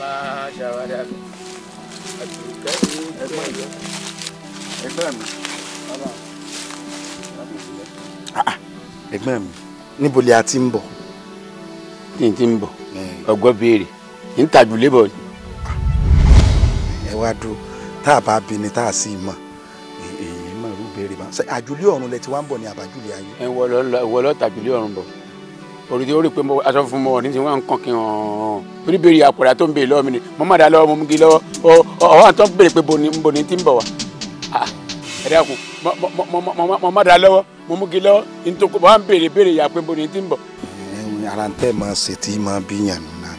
ما شغل ah, ah. ẹ̀gbọ́n mi níbo ni a ti ń bọ̀. tí n ti ń bọ̀ ọgbọ́n béèrè n tàjú lébọ̀ ni. Ah, ẹ wá dúró tá a bá bi ni tá a sì mọ̀ èyí mọ̀ ló béèrè bá. àjùlé ọ̀run lẹ ti wá ń bọ̀ ní àbájúlé ayé. ẹ wọ lọ tàjùlé ọ̀run bọ̀ òrìdí orí pé aṣọ fún mọ ní ti wọn kàn kí hàn torí béèrè àpòrà tó ń béèrè lọ́wọ́ mi ni mo má da lọ́wọ́ mo mú gi lọ́wọ́ ọ̀hún àtọ́ béèrè pé bò ní ti ń bọ̀ wá ah, ẹ dákun mo má da lọ́wọ́ mo mú gi lọ́wọ́ nítorí wọn ń béèrè béèrè yà pé bò ní ti ń bọ̀. ara ń tẹ́ máa ṣe tí máa bí yàn nù náà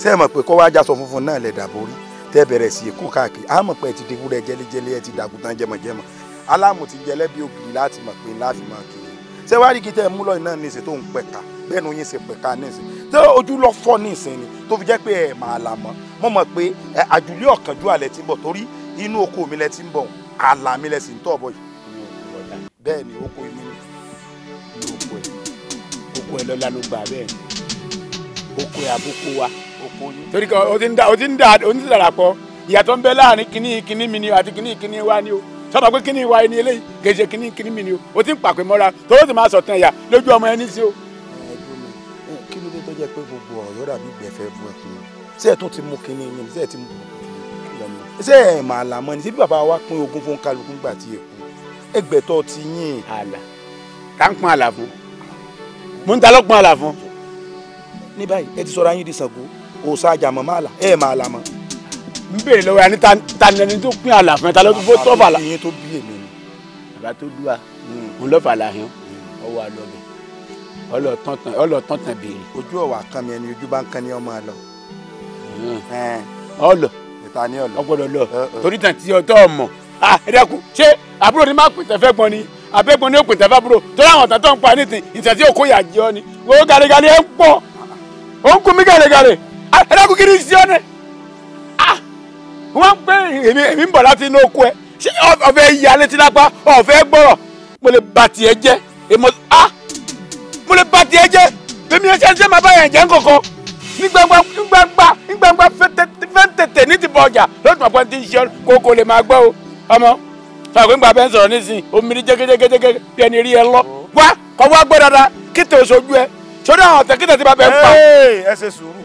ṣé ẹ mọ̀ pé kó wá aṣọ funfun náà lẹ̀ dàbò rí tẹ́ bẹ̀rẹ̀ sí kó káàkiri àmọ̀ pé ẹ ti dewúrẹ́ jẹ́lẹ́jẹ́lẹ́ ẹ ti dàgùtàn jẹmọ̀jẹmọ̀ aláàmù ti jẹlẹ́bí ògiri láti mọ̀ pé láàfin máa kiri ṣé wàá rí kí tẹ́ ẹ mú lọ́yìn náà ní ìṣètò òun pẹ̀ka bẹ́ẹ̀nu yín ṣe pẹ̀ka nísìn tó ojú lọ fọ́ nísìn ni tó fi jẹ́ pé ẹ̀ máa là mọ́ mọ́ mọ́ pé àjùlé ọ̀kánjú alẹ́ ti ń bọ̀ torí inú oko mi lẹ ti ń bọ̀ àlà mi lẹ sì ń tọ̀ bọ̀ yìí. bẹ́ẹ̀ ni oko inú mi oko ẹ̀ oko ẹ̀ lọ́la ló gbà bẹ́ẹ̀ oko ẹ̀ àbúkọ wa oko yín. torí kan o ti ń da o ti ń da o ti ń darapọ̀ ìyàtọ̀ ń bẹ láàrin kínní kínní mi ni àti kínní kínní wa ni o sọ́ba pé kínní wa ni eléyìí kèje kínní kínní mi ni o o ti ń pàpè mọ́ra tó o ti máa sọ̀tàn ẹ̀yà lójú ọmọ ẹni sí o jẹ́ pé gbogbo ọ̀yọ́ dàbí gbẹ̀fẹ́ bu ẹ̀kún sí ẹ̀ tún ti mú kinní yín sí ẹ̀ ti mú lọ́nà ṣé ẹ̀ mà lámọ́ ni síbí bàbá wa pín ogún fún kálukú gbà tí ẹ̀ kú ẹgbẹ̀tọ́ ti yín. àlà tá ń pọn àlà fún mò ń ta lọ́gbọ̀n àlà fún. ní báyìí ẹ ti sọra yín di Ṣàngó òòṣà àjàmọ́ má là ẹ̀ mà lámọ́. n bèrè lọ́wọ́ ẹni ta tó pín àlà fún ẹ ta ló tó tọ́ fàlà. bàbá tó bí èmi ni. Hmm. bàbá tó dúà òun lọ́fà làyàn ọwọ́ àlọ́bẹ̀ ọlọ́tàn tàn béèrè. ojú ọ̀wà kan mi ẹni ojú bá ń kan ní ọmọ àlọ́. ọlọ ìta ni ọlọ ọgbọdọ lọ torí tàn tí ọtọ ọmọ ah, ẹdẹkùn ṣé àbúrò ni má pètè fẹ́ gbọ́n ni abẹ́gbọ́n ni ó pètè fẹ́ àbúrò torí àwọn ọ̀tàn tó ń pa nísìn ìtàn tí òkú yà jẹ́ ọ ni wo gàrẹ́gàrẹ́ ẹ̀ ń pọ̀ ó ń kun mí gàrẹ́gàrẹ́ ẹdẹkùn kiri sí ọ ni ah, wọ́n pé èmi ń bọ̀ láti inú oko ẹ ṣé ọ̀fẹ́ yà létí lápá ọ̀fẹ́ gbọ́rọ̀ mo lè bàtì ẹ jẹ́ èmo ah mo lè ba tiẹ̀ jẹ́ èmi ẹ̀ṣẹ̀ ṣe máa bá yẹn jẹ́ nkankan ní gbangba ní gbangba ní fẹ́ntẹ̀tẹ̀ ní ti bọ ọjà lọ́dún àpọ̀ ti ń ṣe kókó lè máa gbọ́ o ọmọ fàgbé ń gbà bẹ́ẹ̀ sọ̀rọ̀ nísìnyí omiri jẹ́gẹ́jẹ́gẹ́jẹ́ bí ẹni rí ẹ lọ wá kọ́ wá gbọ́ dada kíta oṣooju ẹ sórí àwọn ọ̀tẹ̀ kíta ti bá bẹ́ẹ̀ pa. ẹ ṣe sùúrù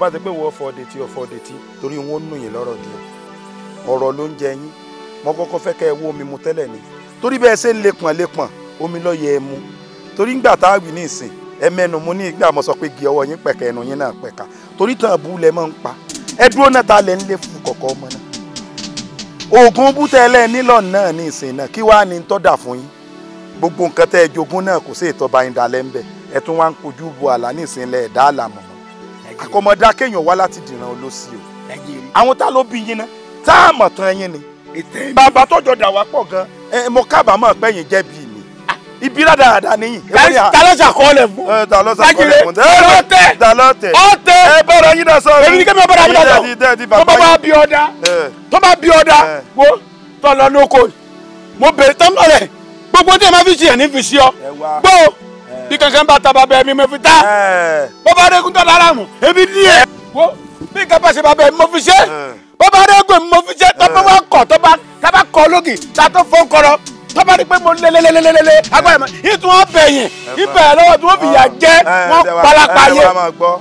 wọ́n ti pé wọ́n fọ́ detí ọ̀fọ́ detí torí wọ́n nù yín lọ́rọ̀ díẹ̀ ọ̀rọ̀ ló ń jẹ yín mọ́kọ́kọ́ fẹ́ kẹ́ ẹ wó omi mu tẹ́lẹ̀ ni torí bẹ́ẹ̀ ṣe ń lepọ̀n lepọ̀n omi ló yẹ ẹ mu torí ńgbà tá a wì ní ìsìn ẹ mẹ́nu mo ní ìgbà mo sọ pé gé ọwọ́ yín pẹ̀kẹ́ ẹnu yín náà pẹ̀ka torí tàn bú lẹ mọ́ ń pa ẹ dúró náà ta lẹ ń lé fún kọ̀ọ̀kan ọmọ náà oògùn bútẹ́lẹ̀ nílọ̀ náà ní ìsìn náà kí wàá ní tọ́ dà fún yín gbogbo nǹkan tẹ́ ẹ jogún náà kò sí ìtọ́ba yín dalẹ́ ń ẹ tún wá ń kojú bu àlá ní ìsìn lẹ̀ ẹ̀dá àlàmọ̀ àkọmọdá kéèyàn wá láti dìran olóṣì o àwọn tá ló bí yín ná tá àmọ̀tán yín ni bàbá tọ́jọ́ dà wá pọ̀ gan mo kábàámọ̀ pẹ́yìn jẹ́bi ibi ládàáda nìyí. talọ́sà kọ́ọ̀lẹ̀ fún. talọ́sà kọ́ọ̀lẹ̀ fún. ọ̀tẹ̀ ọ̀tẹ̀ ọ̀tẹ̀ ẹ bọ̀rọ̀ yín náà sọ̀rọ̀. èmi ni kẹ́mi ọ̀bọ̀dà mi dàtọ̀ tó bá bí ọ̀dà tó bá bí ọ̀dà wo tó lọ lóko mo bèrè tán lọ́rẹ̀ gbogbo tí ẹ máa fi ṣe ẹ̀ fi ṣe ọ gbọ́ bí kankan bá ta bàbá mi mo fi ta bàbá adékun tó lára mu ebi ní ẹ wo bí kankan bá ṣe bàbá mi mo fi ṣe bàbá adékun mi mo fi ṣe tó bá wà kọ̀ tó bá kọ̀ lókì tá a tọ́ba rí pé mo lélelelelele agbára mi ìtún ọbẹ̀yìn ibẹ̀ lọ́wọ́ tí wọ́n fi yà jẹ́ wọ́n palapa yé. ẹ máa gbọ́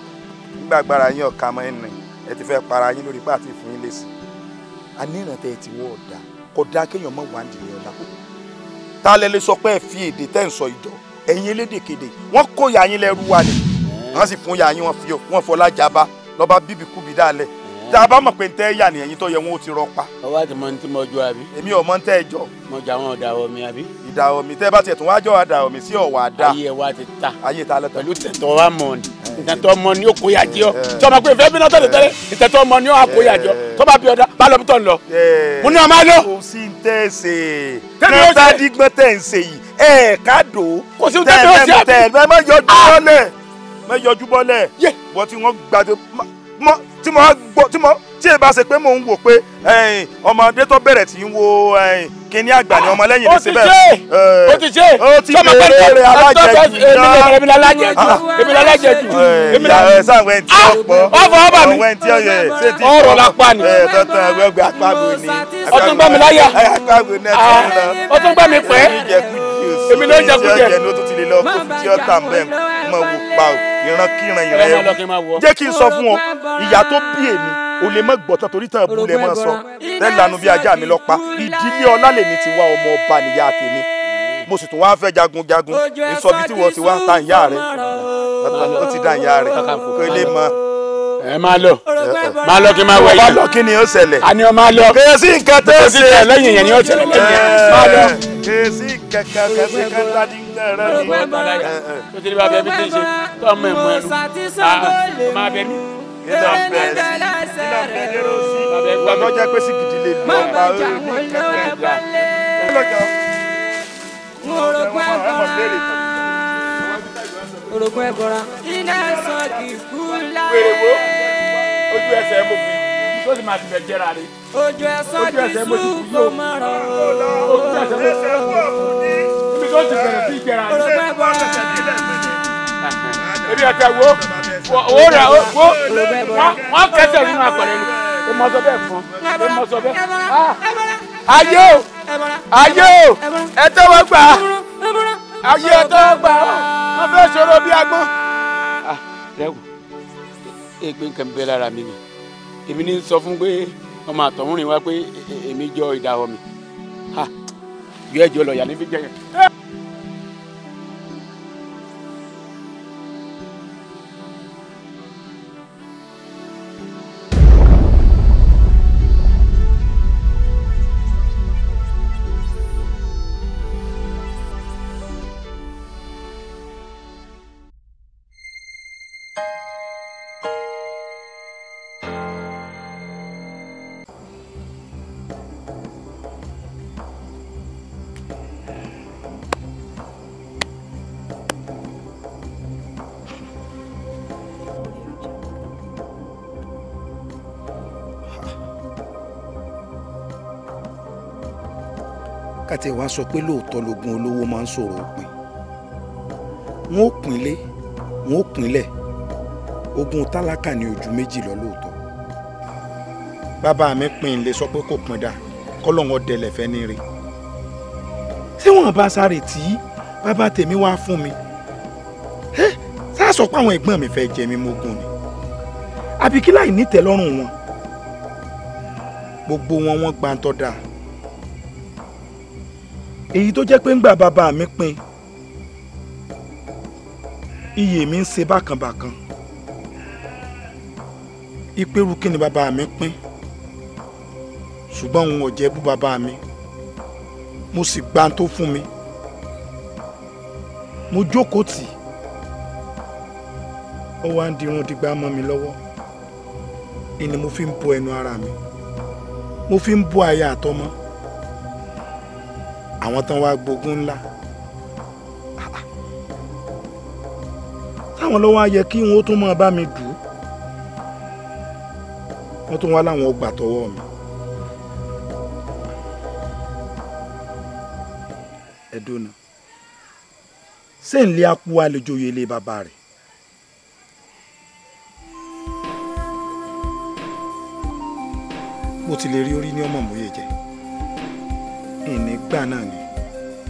nígbà agbára yín ọ̀ka mọ́ ẹnì ẹ ti fẹ́ para yín lórí pàtí fún yín lẹ́sìn. a ní ìrántẹ́ ti wọ́ ọ̀dà kò dáa kéèyàn mọ̀ wá nídìí ọ̀la. ta lẹ lè sọ pé ẹ fi èdè tẹ́ ń sọ ìjọ ẹ̀yin elédèkéde wọ́n kó yà yín lẹ́rú wa ni wọ́n sì fún yà yín wọ́n fi bá lọ́ba bíbí kúbi dáa lẹ̀ tá a bá mọ̀ pé ń tẹ́ yà ní ẹ̀yìn tó yẹ wọn ó ti rọpa. ọwọ́ àti mọ ní tí mo jọ àbí. èmi ò mọ ń tẹ́ ẹ jọ. mo jà wọn ọ̀dà omi àbí. ìdà omi tẹ́ bá tiẹ̀ tún wáá jọ omi sí ọ̀wà àdá. ayé ẹ ti ta. ayé ta lọ́tọ̀. pẹ̀lú tẹ̀tọ̀ wa mọ̀ ni eh. tẹ̀tọ̀ mọ̀ ni ó kó yà jẹ́ ọ. sọma pé fẹ́ẹ́ bí náà tẹ́lẹ̀ eh. tẹ̀tọ̀ mọ̀ ni ó kó yà jẹ́ tí mo gbọ́ tí mo tí èyí ṣe pé mò ń wò pé ọmọdé tó bẹ̀rẹ̀ tí ń wo kíní àgbà ni ọmọlẹ́yìn ní síbẹ̀. ó ti ṣe ó ti ṣe sọmọ pé èrè alájẹjù náà èmi lálájẹjù èmi lálájẹjù èmi lálájẹjù. ẹ sáà wẹ́n tí ó pọ̀ ọ̀fọ̀ ọba mi wẹ́n tí ó yẹ ṣé ti pọ̀ ọ̀rọ̀ lápá ni. ẹ ẹgbẹ́ àpagbo ni. ó tún gbá mi láyà ó tún gbá mi pẹ́ èmi ló jẹ kújẹ. èmi ló jẹ kújẹ ìrankíran ìran ẹrú jẹ́ kí n sọ fún ọ ìyá tó bí èmi ò lè mọ̀ gbọ́tàn torí tàn bulẹ̀ mọ́ sọ tẹ́lanu bí ajá mi lọ́pa ìdílé ọlá lèmi ti wá ọmọ ọba nìyá tèmi mo sì tún wá fẹ́ jagunjagun ìsọbi tí wọ́n ti wá ta ìyá rẹ̀ ó ti dá ìyá rẹ̀ kó lè mọ o. ẹ máa lọ máa lọ kí n máa wẹ̀yìn. ọba lọ kí ni ó ṣẹlẹ̀. àní ọ máa lọ. kèsì nǹkan tó ṣe. kèsì nǹkan lẹ́yìn yẹn ni ó ṣẹlẹ̀ lẹ́yìn yẹn. máa lọ. kèsì kankan kèsì kan tadi rẹ ni. tó ti rí bàbá ẹbí tí ń ṣe tó ọmọ ẹ̀ mọ ẹnu. ọmọ abẹ mi. ìlà bẹ̀rẹ̀ sí ìlà bẹ̀rẹ̀ sí. ìwà náà jẹ́ pé sìkìdì lè lọ pa ó. mo rò pé orogún ẹ̀bọra. iná sọ kìkú láyé. wèrèwó ojú ẹsẹ̀ mo fi tó sì máa tibẹ̀ jẹ́ra rí. ojú ẹsẹ̀ mo ti fi yóò ojú ẹsẹ̀ mo ti fi yóò ibi tó ti bẹ̀rẹ̀ sí jẹ́ra rí. orogún ẹ̀bọra. ebi ẹ̀kẹ́ wo wo rẹ̀ wo wọ́n kẹsẹ̀ nínú àpẹẹrẹ ni o mọ sọ bẹ́ẹ̀ fún o mọ sọ bẹ́ẹ̀ ah. ayé o ayé o ẹ tẹ́wọ́ gbà ayé ẹ tẹ́wọ́ gbà wọ́n fẹ́ ṣòro bí agbọ́n. rẹ ah, wò ègbé nǹkan bẹ lára mi ni èmi ní sọ fún pé ọmọ àtọ̀húnrìn wa pé èmi jọ ìdáwọ́ mi yọ ẹjọ́ lọ yà ní fi jẹ yẹn. tẹ wá sọ pé lóòótọ́ logun olówó máa ń ṣòro pin wọn ò pinlé wọn ò pinlẹ̀ ogun tálákà ní ojú méjì lọ lóòótọ́. bàbá mi pin ilé sọ pé kò pin dà kọ́lọ́hún ọ̀dẹ̀lẹ̀ fẹ́ ní rí. ṣé wọn bá sáré tí bàbá tèmi wá fún mi sáà sọ pé àwọn ẹ̀gbọ́n mi fẹ́ jẹ mí mógún ni àbí kí láì nítẹ̀lọ́rùn wọn gbogbo wọn wọn gbàǹtọ́ dáa èyí tó jẹ́ pé ń gbà bàbá mi pin iyè mi ń ṣe bákanbàkan ìpẹ́rù kí ni bàbá mi pín ṣùgbọ́n òun ò jẹ́ bú bàbá mi mo sì gba tó fún mi mo jókòó tì ó wá ń dirun dìgbà mọ́ mi lọ́wọ́ ni mo fi ń bo ẹnu ara mi mo fi ń bo aya àtọmọ́ àwọn tán wá gbógun ńlá táwọn lọ́wọ́ á yẹ kí wọ́n tún máa bá mi dù ú wọ́n tún wá láwọn ọgbà tọwọ́ mi. ẹ̀dùnà ṣé ń lé apò àlejò ilé bàbá rẹ̀. mo ti lè rí orí ní ọmọ mòye jẹ́ ìní gbà náà ni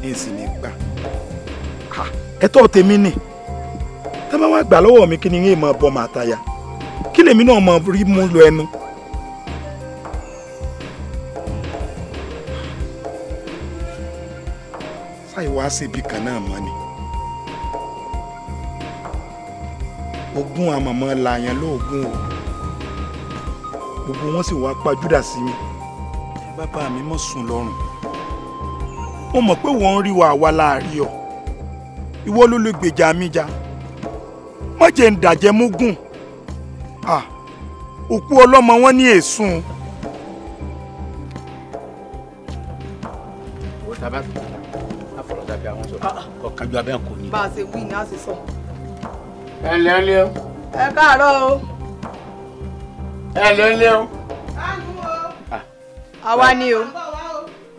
ìsìn ní gbà ẹ̀tọ́ tèmi ni tẹ́ bá wá gbà lọ́wọ́ mi kí ni yín mọ bọ́ màá taya kí lèmi náà mọ rí mú lọ ẹnu. sáì wá síbi kan náà mọ́ ni ogún àmọ̀mọ́ làyàn lóògùn o gbogbo wọn sì wá pajúdà sí mi bàbá mi mọ̀ sùn lọ́rùn mo mọ̀ pé wọ́n ń rí wa àwa láàrí ọ ìwọ ló lè gbèjà mi má jẹ́ ń dàjẹ́ mógùn òkú ọlọ́mọ wọn ní èsùn. ọ̀kanjú ah, ah. a ṣe wí ni a ṣe sọ. ẹ ǹlẹ́ ń o. ẹ káàárọ̀ o. ẹ ǹlẹ́ ń lé o. káàánú ah. o. àwa ni o.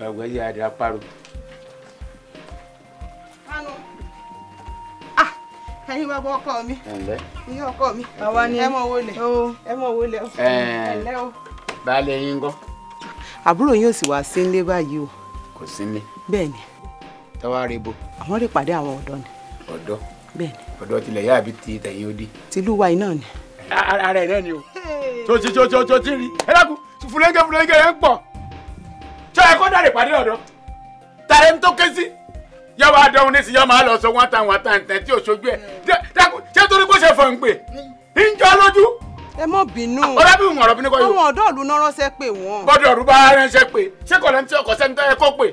ẹ̀wẹ̀ yìí adìrà pariwo. ẹ̀yin bàbá ọkọ mi ìyá ọkọ mi ẹ mọ owó lẹ ẹ mọ owó lẹ ẹlẹ o. baálé yín ń gọ́. àbúrò yín ò sì wá sí ilé báyìí o. kò sí ilé. bẹ́ẹ̀ ni. tọ́wá rí bo. àwọn rí pàdé àwọn ọ̀dọ́ ni. ọ̀dọ́ bẹ́ẹ̀ ni. ọ̀dọ́ tilẹ̀ yá àbí ti tẹ̀yìn odi. tìlú wa iná ni. ara ẹ̀ náà ni o tó ti tó tó tó ti rí ẹ dákun fúlẹ́ńgẹ́ fúlẹ́ńgẹ́ yẹn ń pọ̀ tó yẹ kó dáre pàdé ọ̀dọ́ tàrẹ́ ń tó ké sí yà wá dánwó ní sinjọ́ máa lọ sọ wọ́n tàn wọ́n tàn tẹ̀ tí ò sojú ẹ̀ dákun ṣé torí kó ṣe fọ̀n pé ń jọ lójú. ẹ mọ bínú ọ̀rọ̀ bí mọ̀rọ̀ bí ní kọ́ yóò. àwọn ọ̀dọ́ ìlú náà ránṣẹ́ pé wọ́n. bọ́dọ̀ ọ̀rú bá ránṣẹ́ pé ṣé kọ̀lẹ́ ti ọkọ̀ sẹ́ni tó yẹ kó pé.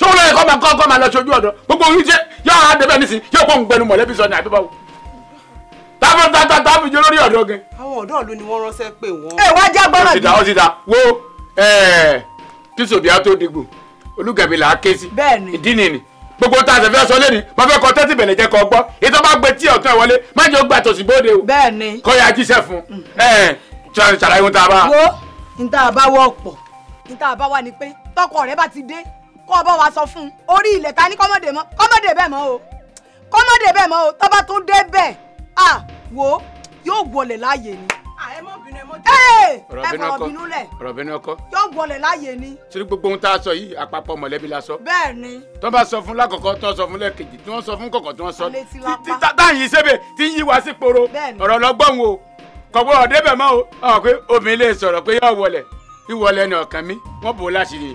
tó ń lọ ẹ̀kọ́ máa kọ́ máa lọ sojú ọ̀dọ́ gbogbo oyún jẹ́ yọ àwọn adẹ́bẹ̀ nísìn yóò kó ń gbẹnu mọ̀lẹ́bí sọ ní àbíbáwò. táwọn tata ni là á ké sí ìdí nìyí gbogbo tá a ṣẹ̀fẹ́ sọ lẹ́ni mo fẹ́ kọ tẹ́tí bẹ̀lẹ̀ jẹ́ kọ gbọ́ ìtọ́ bá gbé tí ọ̀tún ẹ̀ wọlé má jẹ́ ó gbà tòsí bóde o. bẹ́ẹ̀ni kọ ya jíṣẹ́ fún ẹ ṣàlàyé ohun tá a bá. wo n bá wọ ọ̀pọ̀ n bá wà ní pé tọkọ rẹ bá ti dé kó o wa sọ fún un orí ilẹ̀ ta ní kọ́mọ̀dé mọ́ kọ́mọ̀dé bẹ́ẹ̀ mọ́ o kọ́mọ̀dé bẹ́ẹ̀ mọ́ o tọ́ bá tún dé bẹ́ẹ̀ à wo yóò wọlé láàyè ni. à ọ̀bìnrin ẹ̀ mọ́jú. ẹ fọ ọ̀bìnrin lẹ̀. ọ̀rọ̀bìnrin ọkọ. yóò wọlé láàyè ni. sórí gbogbo ohun tá a sọ yìí àpapọ̀ mọ̀lẹ́bí la sọ. bẹ́ẹ̀ ni. tó bá sọ fún lákọ̀ọ́kọ́ tó sọ fún lẹ́ẹ̀kejì tí wọ́n sọ fún kọ̀kọ̀ tí wọ́n sọ. tí táyì sébè tí yí wa sí poro ọ̀rọ̀ lọ́gbọ̀n o kọ̀gbọ́n ọ̀dẹ́bẹ̀ mọ́ o ọ̀ pé obìnrin lè sọ̀rọ̀ pé yóò wọlé ìwọlé ni ọ̀kan mi wọ́n bò láṣìírí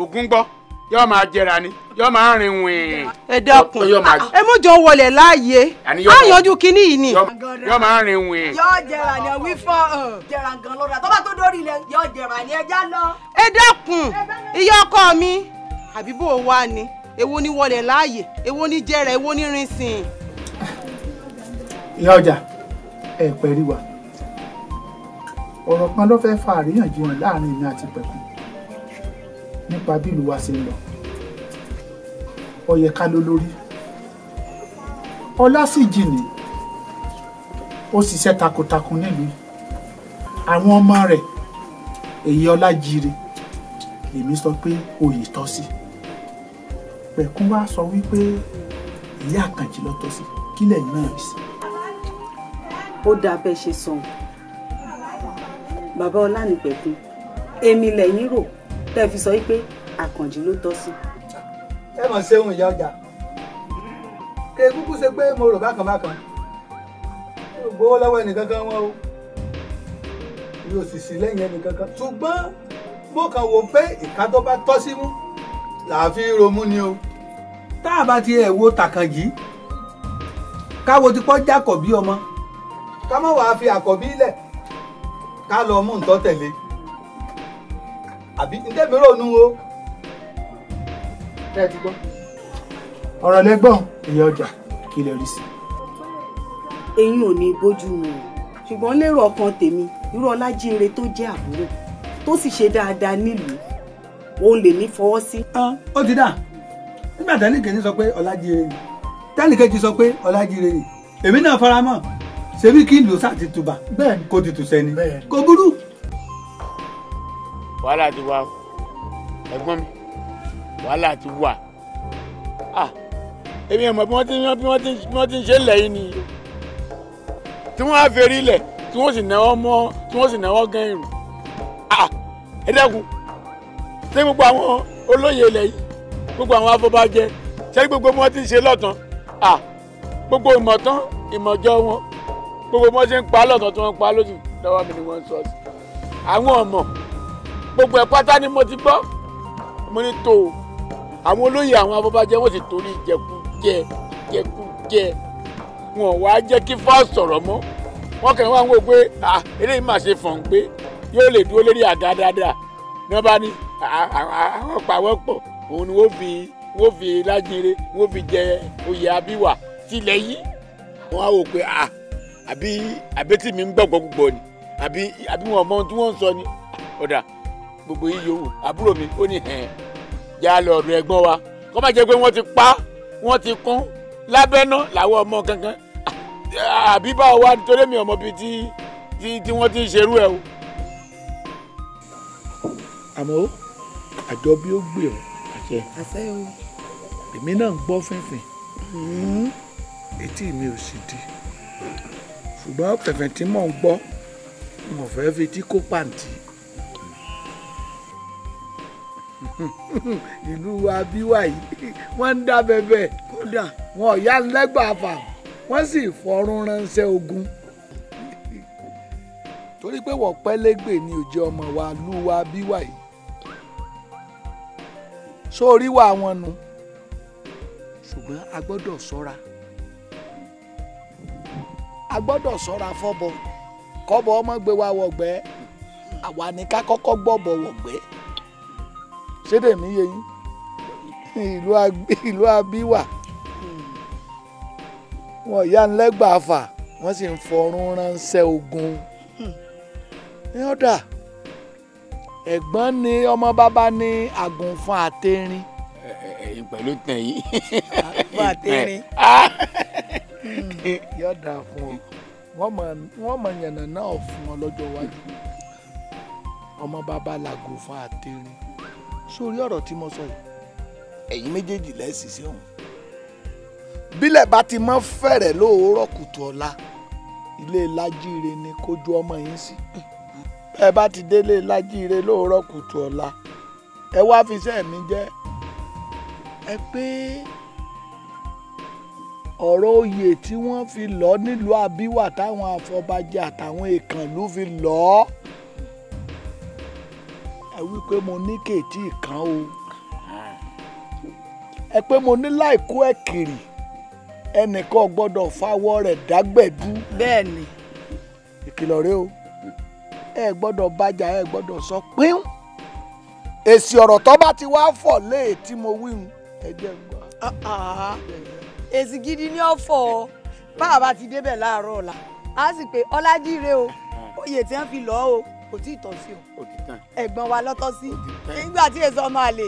ògún gbọ́ yóò máa jẹra ni yóò máa rìn wìn. ẹ dákun ẹ mú jọ wọlé láàyè á yanjú kínní yìí ni. yóò máa rìn wìn. yóò jẹra ni wí fọ jẹra gan lọ́dà tó bá tó dórí ilẹ̀ yóò jẹra ni ẹja lọ. ẹ dákun ìyá ọkọ mi àbíbò wa ni èwo ni wọlé láàyè ewo ni jẹra ewo ni rin sìn. ìyá ọjà ẹ pẹ̀lú wa ọ̀rọ̀ kan ló fẹ́ fa àríyànjiyàn láàrin èmi àti pẹ̀kun nípa bí ìlú wa ṣe lọ ó yẹ ká ló lórí ọlá sì jìnnì ó ṣiṣẹ́ takuntakun nílùú àwọn ọmọ rẹ̀ èyí ọlá jire èmi sọ pé oyè tọ́ sí pẹ̀kún wá sọ wípé ìyá àkànjì ló tọ́ sí kílẹ̀ náà sí. ó dáa bẹ́ẹ̀ ṣe sọ bàbá ọlá nípẹ̀kún èmi lẹ́yìn rò tẹ́ fi sọ pé àkànjì ló tọ́ sí. ẹ mọ̀ ṣe ohun ìyá ọjà kí kúkú ṣe pé mo rò bákan bákan gbowó lọ́wọ́ ẹnìkan kan o yóò sì sí lẹ́yìn ẹnìkan kan ṣùgbọ́n mo kàn wò pé ìka tó bá tọ́ sí mú làá fi romú ni o tá a bá ti ẹ̀ wo tàkànjì káwo ti pọ́ jákọ̀ bí ọmọ ká má wàá fi àkọ́bí lẹ̀ ká lọ mú ntọ́ tẹ̀lé àbí ntẹ́mi rònú o. bẹ́ẹ̀ ti gbọ́. ọ̀rọ̀ lẹ́gbọ̀n ìyá ọjà kí lè rí sí. eyín ò ní bójú mu o ṣùgbọ́n lérò ọkàn tèmi irú ọlájínre tó jẹ́ àbúrò tó sì ṣe dáadáa nílùú òun lè ní fọwọ́ sí. ó ti dà nígbà tẹ́lẹ̀ kejì sọ pé ọlájínre ni tẹ́lẹ̀ kejì sọ pé ọlájínre ni èmi náà faramọ́ ṣebí kí ìlú sáà ti tuba kó ti tù sẹ́ni kò burú wàhálà ti wà ẹ̀gbọ́n mi wàhálà ti wà ah èmi ẹ̀ mọ̀ bí wọ́n ti bí wọ́n ti bí wọ́n ti ń ṣe lẹ́yìn ni tí wọ́n á fèrè ilẹ̀ tí wọ́n sì náwó mọ́ tí wọ́n sì náwó gan irun ah ẹ dẹ́kun ṣé gbogbo àwọn olóyè ilẹ̀ yìí gbogbo àwọn afọbajẹ ṣé gbogbo wọn ti ń ṣe lọ́tàn ah gbogbo ìmọ̀tán ìmọ̀jọ wọn gbogbo wọn ṣe ń pa lọ́tàn tí wọ́n ń pa lójú lọ́wọ́ mi ni wọ́n ń sọ sí àwọn ọmọ gbogbo ẹ̀ pátá ni mo ti gbọ́ mo ní tó o àwọn olóyè àwọn afọbajẹ wọn sì torí ìjẹkújẹ ìjẹkújẹ wọn ò wá jẹ́ kí fáwọn sọ̀rọ̀ mọ́ wọn kàn wá ń wò pé eléyìí mà ṣe fọ̀n pé yóò lè dúró lórí àga dáadáa ní wọn bá ní àwọn pàwọ́pọ̀ òun ni wọ́n fi wọ́n fi lájire wọ́n fi jẹ oyè abíwà tilẹ̀ yìí wọn á wò pé àbí àbẹ́tì mi ń gbọ̀ngbọ̀ngbọ̀ ni àbí àbí wọn mọ ohun tí wọ́n ń sọ ni ọ̀dà gbogbo yìí yòówù àbúrò mi ó ní hẹn já lọ ọ̀dọ̀ ẹ̀gbọ́n wa kó má jẹ́ pé wọ́n ti pa wọ́n ti kún lábẹ́ná làwọn ọmọ kankan àbí báwo wá nítorí mi ọmọ bíi tí tí wọ́n ti ṣerú ẹ̀ o. àmọ́ àjọ bí ó gbé ọ àṣẹ èmi náà ń gbọ́ fínfín mm-hmm. etí mi ò sì di ṣùgbọ́n fẹ̀fẹ̀ tí mò ń gbọ́ mo fẹ́ fi tí kó pàǹtí. ìlú abíwá yìí wọ́n ń dá bẹ́bẹ́ kódà wọn ò yá lẹ́gbàá fà wọ́n sì fọrún ránṣẹ́ ogun torí pé wọ́n pẹ́ lẹ́gbẹ̀ẹ́ ni òjò ọmọ wa lú wa bíwá yìí sórí wa wọn nu ṣùgbọ́n a gbọ́dọ̀ ṣọ́ra a gbọ́dọ̀ ṣọ́ra fọ́bọ kọ́bọ ọmọ gbé wa wọ̀gbẹ́ àwa ni ká kọ́kọ́ gbọ́bọ wọ̀gbẹ́. ṣé tèmi yé yín ìlú abíwà wọn ìyá ńlẹ́gbàá fà wọ́n sì ń fọrún ránṣẹ́ ogun ní ọ̀dà ẹ̀gbọ́n ni ọmọ bàbá ní àgùnfọn àtẹrin. ẹ̀yin pẹ̀lú tẹ̀ yín. àgùnfọn àtẹrin. Hmm, yọ̀dà fún ọ wọ́n mọ̀ yànnà náà fún ọ lọ́jọ́ iwájú ọmọ bàbá làgùnfọn àtẹrin sórí ọ̀rọ̀ tí mo sọ yìí ẹ̀yin méjèèjì lẹ́sìn sí òun bílẹ̀ bá ti mọ́ fẹ̀rẹ̀ lóòórọ̀ kùtù ọ̀la ilé lájíire ni kójú ọmọ yín sí ẹ bá ti délé lájíire lóòórọ̀ kùtù ọ̀la ẹ wá fi iṣẹ́ mi jẹ́ ẹ pé ọ̀rọ̀ oyè tí wọ́n fi lọ nílùú àbíwá táwọn afọbajẹ àtàwọn èèkàn ló fi lọ́ọ́ ẹ wí pé mo ní kèétí kan o ẹ pé mo ní láìkó ẹ kiri ẹnìkan gbọ́dọ̀ fáwọ́ rẹ̀ dágbẹ̀dú. bẹ́ẹ̀ni. ìkìlọ̀ rẹ o ẹ gbọ́dọ̀ bájà ẹ gbọ́dọ̀ sọ pín èsì ọ̀rọ̀ tó bá ti wá fọ̀ léè tí mo wí hun ẹ jẹ́ n gbọ́. èsì gidi ni ọ̀fọ̀ o bá a bá ti débẹ̀ láàárọ̀ ọ̀la a sì pé ọlájírẹ́ o oyè tí wọ́n fi lọ́ o kò tí ì tọ́ sí o ẹ̀gbọ́n wa lọ́tọ́ sí nígbà tí èso ọmọ àlè.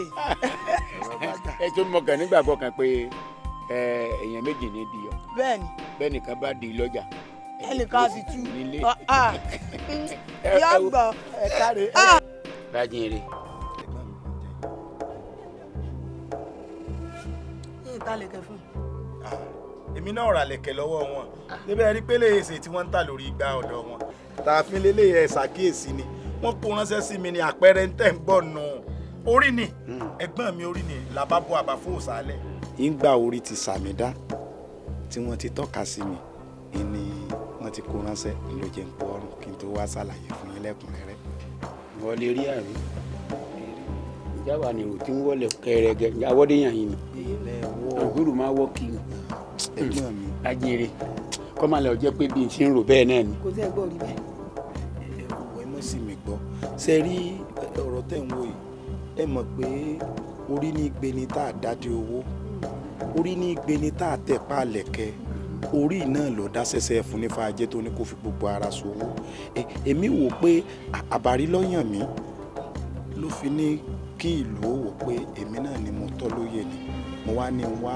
ẹ tó mọ kàn nígbàgbọ́ kan pé èèyàn méjì ní di ọ bẹ́ẹ̀ni bẹ́ẹ̀ni kan bá di lọ́jà ẹnìkan sì tú yàgbọ́ ẹ̀ka rẹ̀. bájì rè. yín ta lè kẹ fún un ah, èmi náà rà lẹ̀kẹ̀ lọ́wọ́ wọn níbẹ̀ ah. rí pélé èsè tí wọ́n ń tà lórí igbá ọ̀dọ̀ wọn tààfin lélẹ̀ ẹ̀ ṣàkíyèsí ni wọ́n kó ránṣẹ́ sí mi ní àpẹẹrẹ ń tẹ̀ ń bọ̀ nù orí ni hmm. ẹ̀gbọ́n mi orí ni làbá bọ́ àbá fún òsàlẹ̀. ìgbà orí ti sàmì dá tí wọ́n ti tọ́ka sí mi ni wọ́n ti kó ránṣẹ́ ló jẹ́ ń pọ̀ ọrùn kí n tó wá ṣàlàyé fún yín lẹ́kùnrẹ́rẹ́. wọ́n lè rí àrí jáwa ni òtí ń wọlé kẹrẹgẹ àwọdéyàn yìí ni àgùrù máa wọ́ kí ni mi ajere kọ́ máa lọ jẹ́ pé bí n ṣe ń rò bẹ́ẹ̀ náà ni. kò tẹ́ ẹ gbọ́ rí bẹ́ẹ̀. ẹ̀wọ̀ ẹ mọ̀ sí mi gbọ́ ṣe rí ọ̀rọ̀ tẹ̀ ń wò yìí ẹ mọ̀ pé orí ní gbe ni tá a dáde owó orí ní gbe ni tá a tẹ̀ pa lẹ̀kẹ́ orí náà ló dá fún nífa ajé tó ní kó fi gbogbo ara ṣòwò èmi wò pé àbárí lọ́yàn mi ló fi ní kí ìlú ó wò pé èmi náà ni mo tọ́ lóye ni mo wá ní wá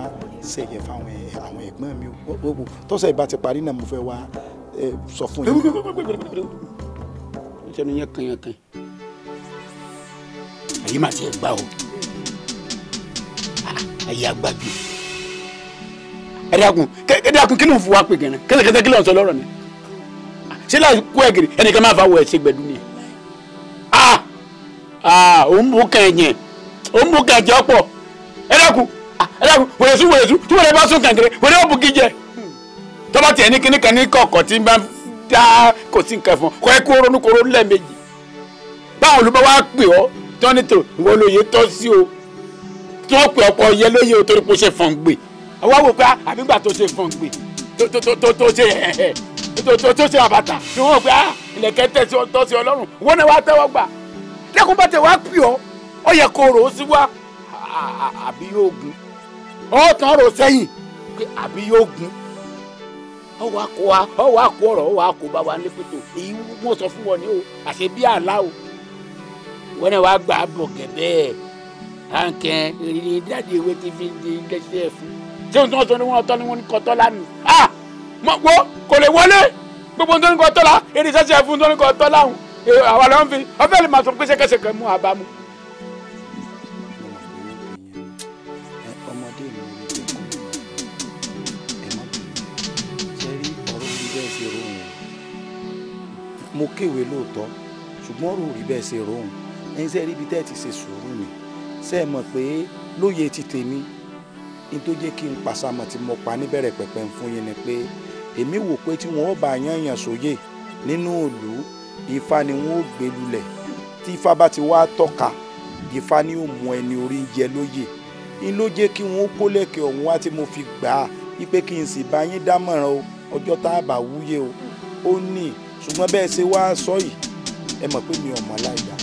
ṣèyẹ fáwọn àwọn ẹ̀gbọ́n mi gbogbo tọ́sẹ̀ ìbá ti parí náà mo fẹ́ wá sọ fún yín. ìṣẹ́nu yẹn kan yẹn kan àyè máa ti gbà o àyè àgbà jù ẹ dákun ẹ dákun kí ló ń fún wa pé gẹ̀rẹ́ kẹ́sẹ̀kẹ́sẹ̀ kí ló ń sọ lọ́rọ̀ ni ṣé láì kú ẹ̀gẹ̀rẹ̀ ẹnìkan máa fa wọ ẹ̀ṣẹ̀ gbẹ̀dú ni ah ah òun bù kẹ̀yìn òun bù kẹ̀yìn ọ̀pọ̀ ẹ dàgbọ́ wèrè sún wèrè sún tí wèrè bá sún kàǹkiri wèrè ó bu kí tọ́ba tiẹ̀ ní kíní kan ní kọ̀ọ̀kọ̀ tí bá dá kò sí nǹkan fún kọ́ ẹ kó ronú kó ronú lẹ́ẹ̀mejì báwọn olùbọ̀ wá pè ọ́ tọ́ni tó ìwọ lóye tọ́ sí o tí wọ́n pè ọ̀pọ̀ yẹ lóye o torí pé ó ṣe fọ̀n gbè àwa wò pé ah, àbígbà tó ṣe fọ̀n gbè tó ṣe àbàtà ni wọ́n pè á ah, ilẹ̀kẹ́ tẹ̀sí ọ̀tọ́ sí ọlọ́run wọ́n náà wá tẹ́wọ́ gbà lẹ́kùn bá tẹ̀ wá pè ọ́ ọ yẹ kó ó sí wá àbí yóò gùn ó tán rò sẹ́yìn pé àbí yóò gun ó wàá kó wa ó ọ̀rọ̀ ó wàá bá wa ní pẹ̀tọ́ èyí wọ́n sọ fún wọn ní o àṣẹ bí àlá o wọn náà wàá gbà á bọ̀ gẹ̀bẹ́ àǹkẹ́ ìrìn dáàdi ìwé ti fi di dẹ́sẹ̀ fún ṣé o tí wọ́n sọ ni wọ́n tọ́ ni wọ́n ní kọ́tọ́ lánàá ah mọ̀ wo kò lè wọlé gbogbo nítorí kọ́tọ́ la èrè sẹ́sẹ̀ fún nítorí kọ́tọ́ láhùn àwa lọ́n fi ọ̀fẹ́ kéwèé lóòótọ́ ṣùgbọ́n rò rí bẹ́ẹ̀ ṣe rohùn ẹ̀yin sẹ́ẹ̀ rí ibi tẹ́ ẹ̀ ti ṣe sùúrù mi sẹ́ẹ̀ mọ̀ pé lóye ti tèmi ní tó jẹ́ kí n pàṣàmọ̀ tí mo pa níbẹ̀rẹ̀ pẹ̀pẹ̀ fún yín ni pé èmi wò pé tí wọ́n bá yányàn sóyè nínú òòlù ifá ni wọ́n ó gbé lulẹ̀ tí ifá bá ti wá tọ́ka ifá ni ó mú ẹni orí yẹ lóyè ní ló jẹ́ kí wọ́n kó lẹ́kẹ̀ ọ̀hún wá tí mo fi gbà á wípé kí n sì bá yín dámọ̀ràn o ọjọ́ tá a bá wúyè o ó ní ṣùgbọ́n bẹ́ẹ̀ ṣe wá sọ yìí ẹ mọ̀ pé mi ò mọ aláìyá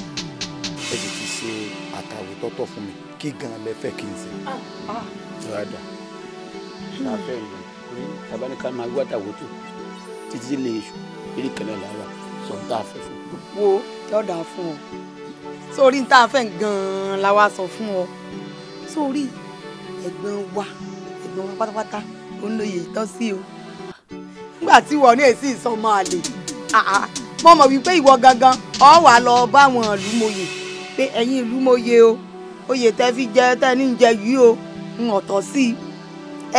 ẹ sì ti ṣe àkàwé tọ́tọ̀ fún mi kí gan lẹ fẹ́ kí n ṣe. Ah, ah. rádà láfẹ́ mi rí tabaníkà máa wá tàwótò títí lè ṣù eré kẹlẹ́ làwà sọ tá a fẹ́ fún. wo yọ̀dà fún ọ sórí tá a fẹ́ gan-an la wá sọ fún ọ sórí ẹ̀gbọ́n wa ẹ̀gbọ́n wa pátápátá ó ń lóye ìtọ́sí o nígbà tí wọn ní èsì ìsọmọ àlè. Ah, ah. mo mọ̀ wípé ìwọ gangan ọ wà lọ bá àwọn ìlúmọ̀yè pé ẹ̀yin ìlúmọ̀yè o oyè tẹ́ fi jẹ tẹ́ ní jẹ yìí o ń ọ̀tọ̀ sí i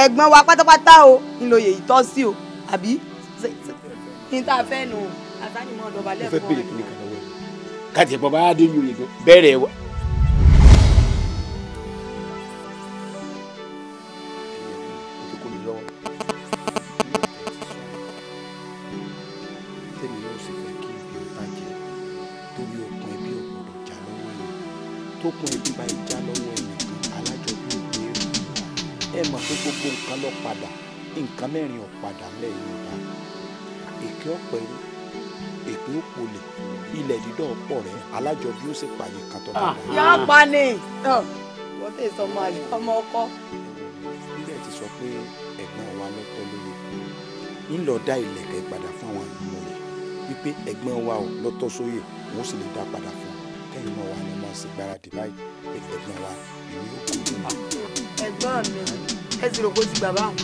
ẹ̀gbọ́n wa pátápátá o ń lo oyè ìtọ́ sí o àbí kí n tá a fẹ́ nù àtànímọ̀ lọ́balẹ̀ fún ọ. káàtì ìpọ̀ bá dé yòòyè bẹ̀rẹ̀ wa nǹkan mẹ́rin ọ̀padà ńlẹ̀ yorùbá èké ọ̀pẹ̀rú èké òpolè ilẹ̀ dídọ̀ ọ̀pọ̀ rẹ̀ alájọ bí ó sì pààyè kan ah, tó dára. yà á pa ni wọ́n tẹ̀ sọ ọmọ àlè ọmọ ọkọ. ilé ti sọ pé ẹ̀gbọ́n wa ló tọ́ lórí ńlọ dá ìlẹ̀kẹ̀ padà fún àwọn àlùmọ̀ọ́yẹ wípé ẹ̀gbọ́n wa ò lọ́tọ́ sóyè wọ́n sì lè dá padà fún kẹ́yìn náà wà ní mọ́ sí gbáradì báyìí ẹ̀gbọ́n wa ìlú òkú. Ah, ẹ̀gbọ́n mi ẹ sì rò kó ti gbà báwọn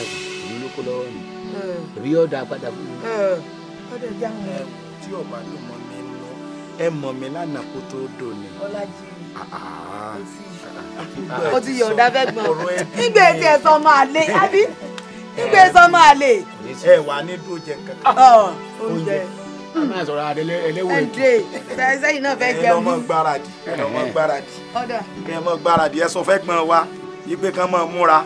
ìlú ló kó lọ́wọ́ mi èmi yóò dá padà fún mi. ọdẹ jáwọn ẹ tí ọba ló mọ mi lọ ẹ mọ mi lánàá kó tó dò ní. ọlájì o ti yọ̀ǹda fẹ́ gbọ́n nígbà tí ẹ sọ máa lé àbí eh, nígbà tí ẹ sọ máa lé. Eh, ẹ wà ní dúró kankan. Ah, ah, oúnjẹ máa sọ̀rọ̀ àdélé ẹlẹ́wọ̀ ètò. ẹ̀ǹdè sẹ́yìn náà fẹ́ eh, jẹun. ẹ lọ́mọ gbáradì ẹ lọ́mọ gbáradì kẹ́ ẹ mọ gbáradì ẹ sọ fẹ́ gbọ́n wa yí pé kán múra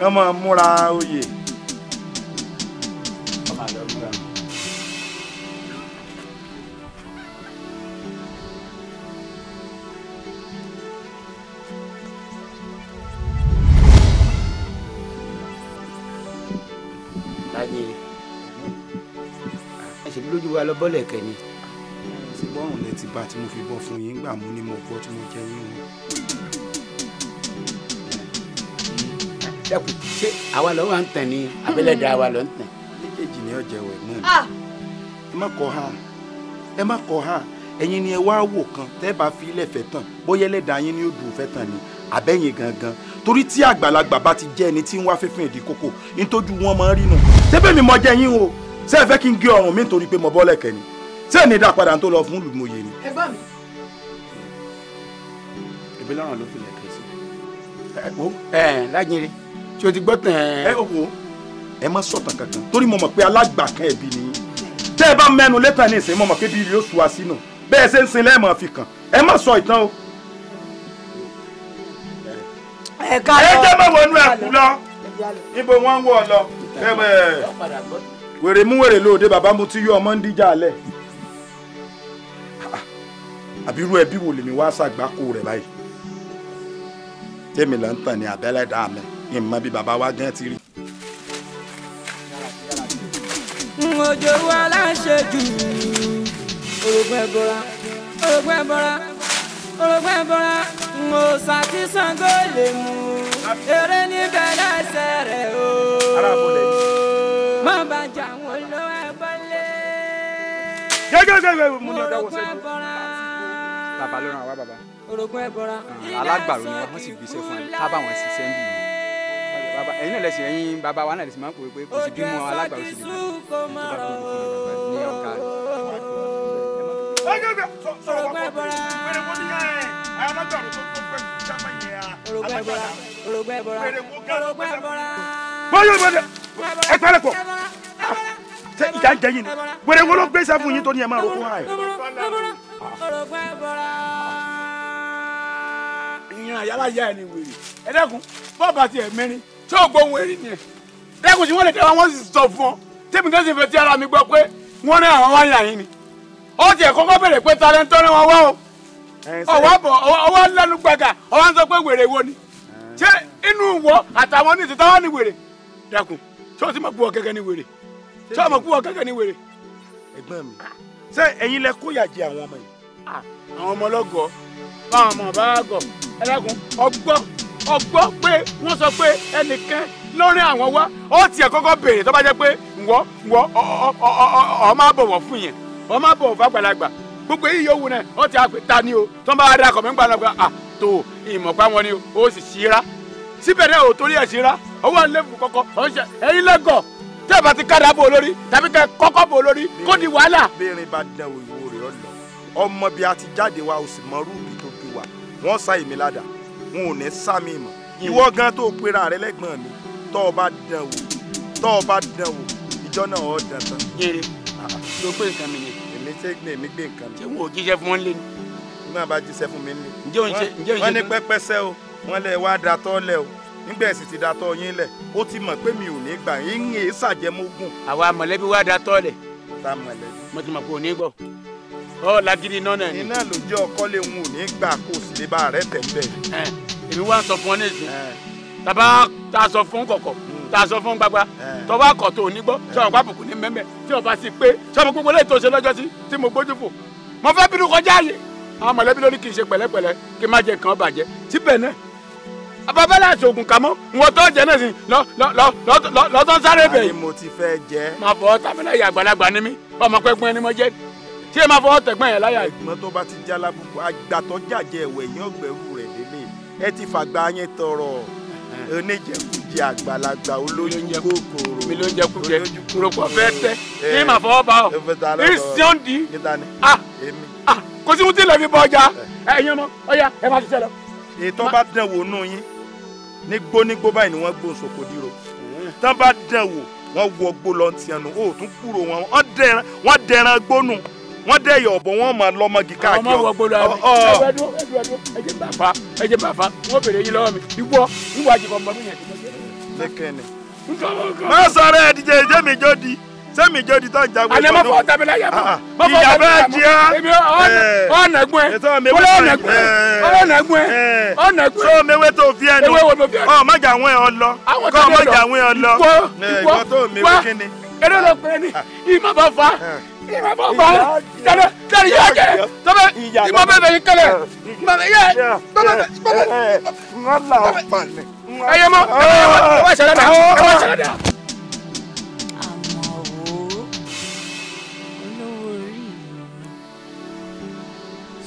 kán máa múra oyè. lójú wa lọ bọ́lẹ̀ kẹ́ni. ṣùgbọ́n òun lẹ ti bá tí mo fi bọ́ fún yín gbà mú ni mo gbọ́ tí mo jẹ yín o dẹ́kun ṣé àwa lọ́wọ́ à ń tàn ní abẹ́lẹ́dẹ́ àwa lọ́ ń tàn. méjèèjì ni ọjà ẹ̀wọ̀ ẹ̀gbọ́n mi ẹ má kọ hàn ẹ má kọ hàn ẹ̀yin ni ẹ wá wò kan tẹ́ bá fi ilẹ̀ fẹ́ tàn bóyá ẹlẹ́dàá yín ni ó dùn fẹ́ tàn ni àbẹ́yìn gangan torí tí àgbàlagbà bá ti jẹ́ ẹni tí ń wá fífún ìdí kókó ní wọn máa ń rí nù tẹ́bẹ̀ mi mọ jẹ́ yín o ṣé ẹ fẹ́ kí n gé ọrùn mi nítorí pé mo bọ́ lẹ̀kẹ́ ni ṣé ẹni dá padà tó lọ fún olùmọye ni. ẹ bá mi. ìbílẹ̀ ọ̀ràn ló fi lẹ̀kẹ́ sí. ẹ ẹ lájínrín ṣé o ti gbọ́ tẹ̀ ẹ́. ẹ wo ẹ má sọ̀tàn kankan torí mo mọ̀ pé alágbà ẹ̀bí ni tẹ́ ẹ bá mẹ́nu létà ní ìsìn mo mọ̀ pé bí rí oṣù wa sínú bẹ́ẹ̀ ṣe ń sin lẹ́ẹ̀mọ̀ fi kàn ẹ má sọ ìtàn o. ẹ jẹ́ mọ̀ wọnú ẹ̀kú lọ ibo wọ́n ń wọ̀ lọ wèrè mú wèrè lóde bàbá mu ti yọ ọmọ ń díjà alẹ́ àbírú ẹbí wo lèmi wá ṣàgbákò rẹ̀ báyìí tèmi là ń tàn ní àbẹ́lẹ́dàá mi ìmọ̀ bí bàbá wa gan ti rí. òjò wa láṣẹ jù orogún ẹbọra orogún ẹbọra orogún ẹbọra òòṣà tí Ṣàngó lè mú eré níbẹ̀ lẹ́sẹ̀ rẹ̀ o má bàjẹ́ àwọn olówó ẹbọ lé orogún ẹbọra. bàbá ló ẹbọra. Ah, alágbàro ni wọn sì gbéṣẹ́ fún ẹ ká bá wọn ṣiṣẹ́ ń bì baba ẹ̀yin náà lẹsìn ẹ̀yin baba wa náà lẹsìn máa ń pòwe pé kò sí bímọ alágbà òsì bímọ ní ọkà rẹ. orogba ẹbọra orogba ẹbọra orogba ẹbọra orogba ẹbọra. bọ́yọ̀ bọ́dẹ̀ ẹ parẹ́ pọ̀ ṣe ìjà ń jẹ yín ni wẹ́rẹ́ wọ́n ló gbé sẹ́fún yín tó ní ẹ̀ máa roko hàn ẹ̀. orogba ẹbọra ìran àyàlá yá ẹni wèrè ẹ dẹ́kun bọ́ọ̀bù àti ẹ̀mẹ́rin ṣé o gbọ́ ohun ni ẹ̀ dẹ́kun sí wọ́n lè tẹ́wọ́ wọ́n sì sọ fún ọ tèmi kan sì fẹ́ ti ara mi gbọ́ pé wọ́n ní àwọn wáyà yín ni ó tiẹ̀ kọ́kọ́ bèrè pé talẹ́ńtọ́ ni wọ́n wá o ọwọ́ bọ̀ ọwọ́ lẹ́nu gbàgà ọwọ́ ń sọ pé wèrè wo ni ṣé inú wọ àtàwọn oníṣẹ́ táwọn ni wèrè dẹ́kun ṣé o ti mọ̀ pé wọ́n gẹ́gẹ́ ni wèrè ṣé o mọ̀ pé wọ́n gẹ́gẹ́ ni wèrè. ẹ̀gbọ́n mi ṣé ẹ̀yin lẹ kóyà jẹ àwọn ọmọ yìí. àwọn ọmọ ọlọ́gọ̀ọ́ báwọn ọmọ bá gọ̀ ẹ̀dẹ́kun ọgbọ́n ọgbọ́ pé wọ́n sọ pé ẹnìkan lórí àwọn wá ó tiẹ̀ kọ́kọ́ béèrè tó bá jẹ́ pé wọ́ wọ́ ọ máa bọ̀wọ̀ fún yẹn ọ máa bọ̀wọ̀ fún àgbàlagbà gbogbo èyí yóò wù náà ó ti àpè ta ni o tó ń bá wa dá akọ̀ mẹ́gbàá náà à tó ìmọ̀pá wọn ni o sì ṣíra síbẹ̀ náà ò torí ẹ̀ ṣíra owó àlẹ́fù kọ́kọ́ ọ̀ṣẹ́ ẹ̀yin lẹ́gọ̀ọ́ tẹ́ ẹ bá ti kára bò lórí tàbí kẹ́ kọ́kọ́ bò lórí kó di wàhálà. béèrè bá dẹ òyìnbó rẹ̀ ọ lọ ọmọ bíi a ti jáde wa o sì mọ rúùbì tó gbé wa wọ́n sá èmi ládàá wọn ò ní sá mi mọ̀ ìwọ gan tó pera rẹ lẹ́gbọ̀n mi tọ ọ bá wò ọ bá wò ìjọ náà ọ dán tán. yèrè ló pé nǹkan mi ni. èmi ṣe gbé mi gbé nǹkan mi. ṣé wọn ò fún wọn lé bá jíṣẹ́ fún mi nílé. ǹjẹ́ òun ní pẹ́pẹ́sẹ́ o wọ́n wá da o ti da tọ́ mi ò ní gbà yín ń ṣàjẹmógún. àwa mọ̀lẹ́bí wá da tọ́ lẹ̀. ọ lagidi iná náà ni. iná ló jẹ́ ọkọ lè hun òní gbà kó sì lè bá rẹ tẹ̀lé. èmi wá sọ fún ọ nísìn tàbá ta sọ fún kọ̀kọ̀ ta sọ fún gbagba tọwọ́ akọ̀ tó ní gbọ́ sọ̀rọ̀ pàbùkù ní mẹ́mẹ́ tí ọba sì pé sọ̀rọ̀ gbogbo lè tó ṣe lọ́jọ́ sí tí mo gbójú fò mo fẹ́ bínú kọjá yìí àwọn mọ̀lẹ́bí lórí kì í ṣe pẹ̀lẹ́pẹ̀lẹ́ kí n má jẹ kàn bàjẹ́ síbẹ̀ náà ababẹ́lẹ̀ àṣoògùn kàmọ́ wọn tó jẹ náà sí lọ́tọ́ sáré bẹ̀. àyè mo ti fẹ́ jẹ́. máa fọ tábìlì àgbàlagbà ni mí ọmọ pẹ́gbọ́n ẹni mo jẹ́ ṣé ẹ máa fọwọ́ tẹ̀gbọ́n yẹn láyà. ẹ̀gbọ́n tó bá ti já lábùkù àgbàtọ́ jàjẹ́ ẹ̀wẹ̀ yín ọ̀gbẹ́rù rẹ̀ délé ẹ ti fàgbà yẹn tọrọ oníjẹkújẹ àgbàlagbà olójú kòkòrò mi ló ń jẹkújẹ rògbò fẹ́ máa fọwọ́ bá ọ ìsìndì ah! ah! kò sí ohun tí bọ́ ọjà ẹ̀yin ọmọ ọ̀yà ẹ máa ṣiṣẹ́ lọ. ètò bá dẹ̀ wò nù yín ní gbónígbó báyìí ni wọ́n gbóǹsòkò dírò tán bá dẹ̀ wò wọ́n wọ gbó lọ́ntìyànù ó kúrò wọn wọ́n dẹran gbónú wọ́n dẹ̀ yọ̀ bọ̀ wọ́n máa lọ́mọgi káàkiri. ọmọ wọ gbọdọ àmì ẹgbẹdún ẹgbẹdún ẹjẹ bàbá ẹjẹ bàbá wọ́n bèrè yín lọ́wọ́ mi ìwọ ìwà àjẹkọ ọmọ mi yẹn. lẹkẹni. má sọ̀rọ̀ ẹ díje ìjẹ mi jó di sẹmi jó di tó ń jagun. àná mọ́fọ́ tàbí láyà mọ́. Ah, ah. ìyá bẹ́ẹ̀ di ẹ́. ọ̀nà gbọ́n ẹ̀ ọ̀nà gbọ́n ẹ̀ ọ̀nà gbọ́n ẹ̀ eh. ọ̀nà gbọ́n ẹ̀. sọ mewé tó fi ẹnu ọ má jà wọ́n ẹ ọ lọ kọ́ ọ má jà wọ́n ẹ ọ lọ. ìwọ ìwọ wá eré lọ pẹ́ ni ah. ìmọ̀ bá fa. Eh ìmọ̀ bọ̀ bọ̀ kẹlẹ kẹlẹ yẹ kẹ tọ́bẹ̀ ìmọ̀ bẹ̀ bẹ̀ yín kẹlẹ ìmọ̀ bẹ̀ yẹ tọ́bẹ̀ tọ́bẹ̀ tọ́bẹ̀ ẹyẹ mọ ẹyẹ mọ ẹ wá ṣẹlẹ̀ dà ẹ wá ṣẹlẹ̀ dà.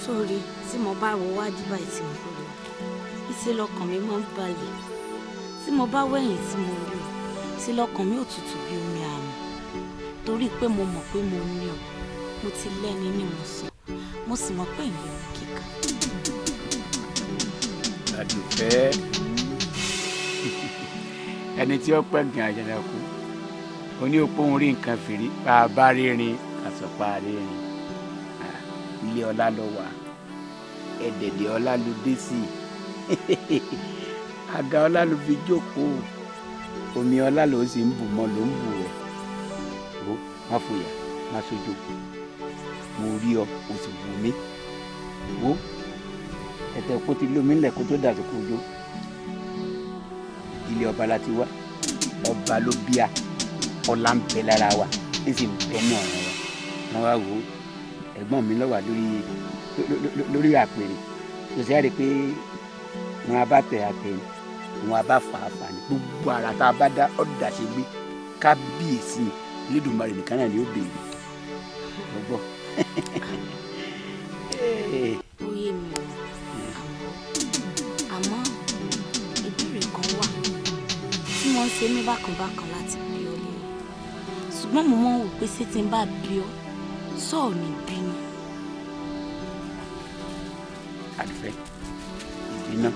sórí tí mo bá wo wájú báyìí tí mo kúrò ìṣe lọkàn mi máa ń balẹ̀ tí mo bá wẹ̀yìn tí mo rí o tí lọkàn mi ò tutù bí o torí pé mo mọ̀ pé mo ní ọ mo ti lẹ́ni ní mo sọ mo sì mọ̀ pé ìyẹn ò kíkà. àdùfẹ́ ẹni tí ó pẹ́ gan àjàdà kú ó ní opó ń nǹkan fìrí bá a bá rírin àsọpá rírin ilé ọlá lọ wà ẹ̀dẹ̀dẹ̀ ọlá ló dé sí i àga ọlá ló fi jókòó omi ọlá ló sì ń bù mọ́ ló ń bù rẹ̀ má fòyà má sojo mo rí ọ o sì wù mí wo ẹ̀tẹ̀ kó ti lómi ńlẹ̀ kó tó dàsìkò ojó ilé ọba la ti wá ọba ló bíà ọlá ń bẹ lára wa ní sì ń bẹ náà wọn wá wò ó ẹ̀gbọ́n mi lọ́wọ́ lórí lórí àpèrè kò àrè pé wọn a bá tẹ̀ àpèrè wọn a bá fà á fà ní gbogbo ara tá a bá dá ọ̀dà ṣe gbé kábíyèsí ni lédùmarè nìkan náà ni ó béèrè ọgbọ. oyè mi ò àmọ́ ìbéèrè kan wà tí wọ́n ń ṣe mí bákanbákan láti bí ọ lóyún ṣùgbọ́n mo máa ń wò pé ṣé tí n bá bí ọ sọ̀ọ́ mi bí ni. àdìfẹ́ ìbí náà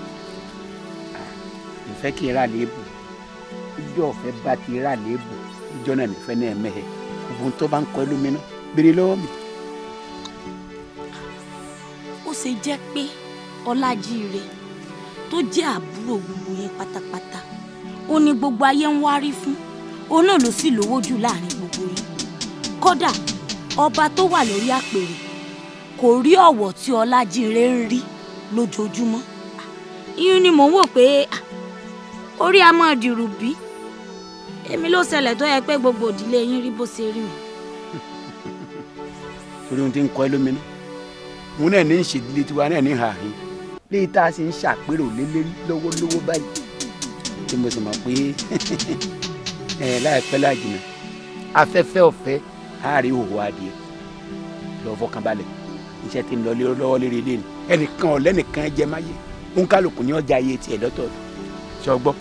ìfẹ́ kí ra lè bù ìjọ ọ̀fẹ́ bá ti ra lè bù níjọ́ náà nífẹ̀ẹ́ náà mẹ́hẹ́ ogun tó bá ń kọ́ ẹlómìnà béèrè lọ́wọ́ mi. ó ṣe jẹ́ pé ọlájíire tó jẹ́ àbúrò gbogbo yẹn pátápátá ó ní gbogbo ayé ń wárí fún òun náà ló sì lówó jù láàrin gbogbo yẹn kódà ọba tó wà lórí àpèrè kò rí ọ̀wọ̀ tí ọlájíire ń rí lójoojúmọ́ ìyún ni mò ń wò pé orí a máa dìrù bí èmi ló ṣẹlẹ̀ tó yẹ pé gbogbo ìdílé yín rí bó ṣe rí mi. torí ohun tí ń kọ́ ẹ lómi ní mo náà ní ìṣèdílé tiwa náà ní hàhín léyìí tá a sì ń ṣàpérò lélẹ́rí lọ́wọ́lọ́wọ́ báyìí tí mo sì mọ̀ pé ẹ̀ láìpẹ́ láàjìnà afẹ́fẹ́ ọ̀fẹ́ àárẹ̀ òwò adìẹ lọ́ọ́ fọkàn balẹ̀ iṣẹ́ tí ń lọ lọ́wọ́ lérí ilé ni ẹnìkan ọ̀lẹ́nìkan jẹ máyé òǹkálùkù ní ọjà ayé tiẹ̀ lọ́tọ̀ọ̀tọ̀ ṣọgbọ́n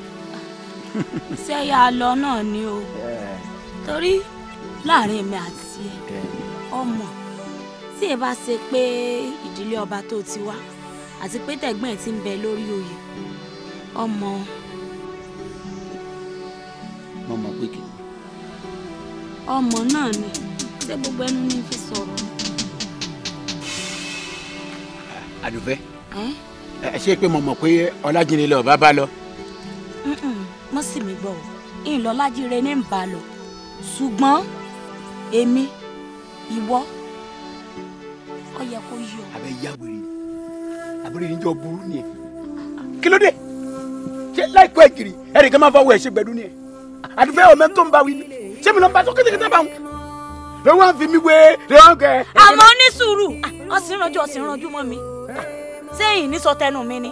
sẹ́yà lọ náà ni o torí láàrin mi àti ẹ ọmọ tí ẹ bá ṣe pé ìdílé ọba tó ti wá àti pé tẹ̀gbọ́n ẹ̀ ti ń bẹ lórí oyè ọmọ. mọ́mọ́ pé kí. ọmọ náà ni ṣé gbogbo ẹnu ní fi sọ̀rọ̀. àdùfẹ́ ẹ ṣe pé mo mọ̀ pé ọlájìnlélọ́ọ̀ bá bá lọ. Mm-mm wọ́n sì mí gbọ́ ìlọlájíire ní ìbá lọ ṣùgbọ́n èmi ìwọ ọ yẹ kó yí ọ. abẹ ya wèrè àbúrò yìí ń jọ burú ni ẹ kí ló dé ṣé láìpẹ́ ìgìrì ẹnì kan máa fọwọ́ ẹ̀ ṣe gbẹ̀dú ni ẹ àdúfẹ́ ọmọ tó ń bá wí ṣé mi lọ bá tó kétékété bá wọn ló wá ń wé ló kẹ. àmọ́ ní sùúrù ọ̀sìn rànjú ọ̀sìn rànjú mọ́ mi sẹ́yìn ní sọ tẹnu mi ni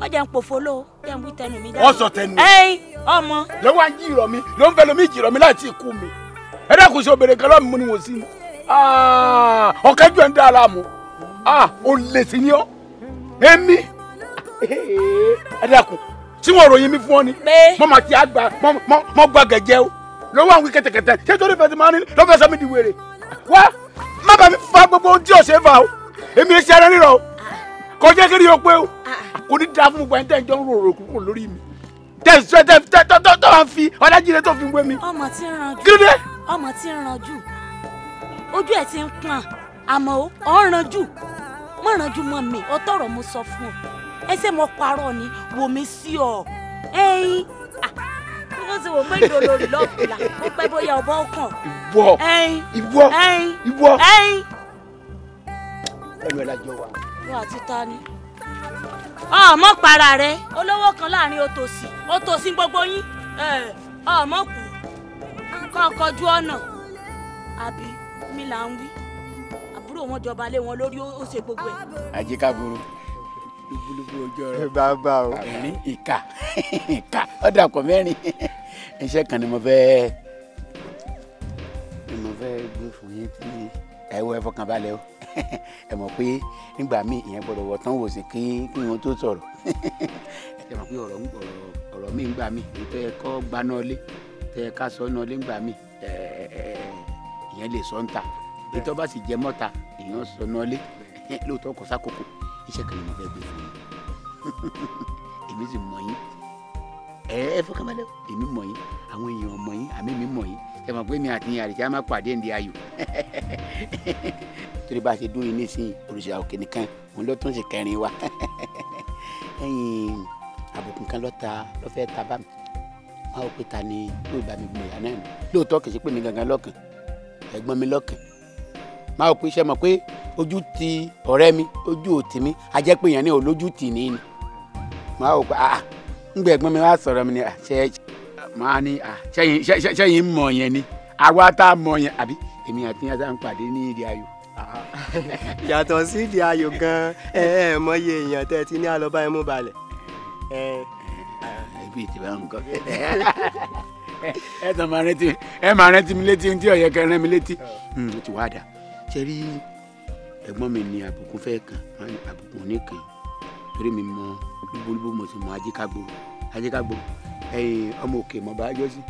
wọ́n jẹ́ ń pòfo ló jẹ́ ń wí tẹnu mi dáadáa. wọ́n sọ tẹnu. ẹyin ọmọ. ló wá ń jí ìrọ̀ mi ló ń fẹ́ lomi ìjì ìrọ̀ mi láti ikú mi ẹ dẹ́kun sí obìnrin kan lọ́mú ni wò sí mi ah, ọ̀kẹ́ jù ẹ̀ ń dá aláàmú ó ah, lè sí ni ọ́ èmi ẹ dẹ́kun tí wọ́n ròyìn mi fún ọ ni mo máa ti àgbà mo gba gẹ̀jẹ̀ o ló wà wí kẹ̀tẹ̀kẹ̀tẹ̀ ṣé torí fẹ́ ti máa ní lọ́fẹ̀ẹ́ sọ mi di wèrè wá má bàa mi fa gbogbo ohun tí ò o èmi ẹ ṣe ara rírọ o kọjá kiri o pé o ah, ah. kò ní da fún gbogbo ẹni tẹ́ ń jọ ń kúrò lórí mi tẹ́ ń tọ́ tọ́ fi ọ̀dájìlẹ̀ tó fi wé mi. ọmọ tí ń ranjú kílódé. ọmọ tí ń ranjú ojú ẹ ti ń pọn àmọ́ ọ̀ ń ranjú mọ̀ ranjú mọ́ mi ó tọrọ mo sọ fún ọ ẹsẹ̀ mo parọ́ ni wò mí sí ọ ẹyin ó ah, ti wò pé ìdòdòrì lọ́kùnrin ó pẹ́ bóyá ọbọ̀ kàn. ìwọ ìwọ ìwọ ẹyin. ẹnu ẹ̀ wọ́n àti ta ni. ọmọ para rẹ olówó kan láàrin òtòṣì òtòṣì gbogbo yín ọmọ kù kọ́ kọjú ọ̀nà àbí mi là ń wí àbúrò wọn jọba lé wọn lórí ó ṣe gbogbo ẹ. àjíkàgbòrò lúbúlúbú ọjọ́ rẹ. gbàgbà o. àrí ìka ìka ọ̀dà kọ̀ mẹ́rin iṣẹ́ kan ni mo fẹ́ ni mo fẹ́ gbé fún yín tí ẹ wọ ẹ fọkàn balẹ̀ o ẹ mọ̀ pé nígbà míì ìyẹn gbọ́dọ̀ wọ̀ tán wò sí kí kí wọ́n tó sọ̀rọ̀ ẹ mọ̀ pé ọ̀rọ̀ ọ̀rọ̀ míì gbà míì èyí tó yẹ kọ́ gba náà lé tó yẹ ká sọ náà lé gbà míì ìyẹn lè sọ ń ta bá sì jẹ mọ́ta ìyẹn sọ náà lé lóòótọ́ kọ sákòókò iṣẹ́ kan ni mo gbé fún yín èmi sì mọ̀ yín ẹ ẹ fọkàn balẹ̀ èmi mọ̀ yín àwọn èèyàn mọ̀ yín àmì mi mọ̀ yín ẹ mọ̀ pé mi àti yín àríkà máa pàdé ǹdí ayò torí bá a ṣe dún yín nísìnyí òrìṣà òkè nìkan òun ló tún ṣe kẹrin wa ẹ̀yin àbùkù kan lọ́ta lọ́fẹ́ ta bá mi wọn ò pé ta ni yóò bá mi gbìyànjú náà mi lóòótọ́ kìí ṣe pé mi gangan lọ́kàn ẹ̀gbọ́n mi lọ́kàn máa ò pé iṣẹ́ mọ̀ pé ojú ti ọ̀rẹ́ mi ojú ò tì a jẹ́ pé èèyàn ní olójú tì ní ni máa ò pé ah ń gbẹ̀gbọ́n mi wá sọ̀rọ̀ mi ni àṣẹ màá ní à ah, sẹ́yìn mọ̀ yẹn ni àwa tá a mọ̀ yẹn àbí èmi àti yàtọ̀ ń pàdé ní ìdí ayò. Ah. yàtọ̀ sí ìdí ayò gan-an ẹ ẹ mọyì èèyàn tẹ́ ti ní àlọ́bá ẹ mú balẹ̀. ibi ìtìbá nǹkan ẹ tàn máa rántí ẹ máa rántí mi létí ohun tí ọ̀yẹ́ kan rán mi létí oh. hmm, ó ti wá dà ṣe rí ẹ̀gbọ́n mi ní àbùkù fẹ́ kàn máa ní àbùkù oníkan torí mi mọ bíbólúbó mo sì mọ ajíkàgbò ajíkàgbò ọmọ òkè mọ̀ bá yọ sí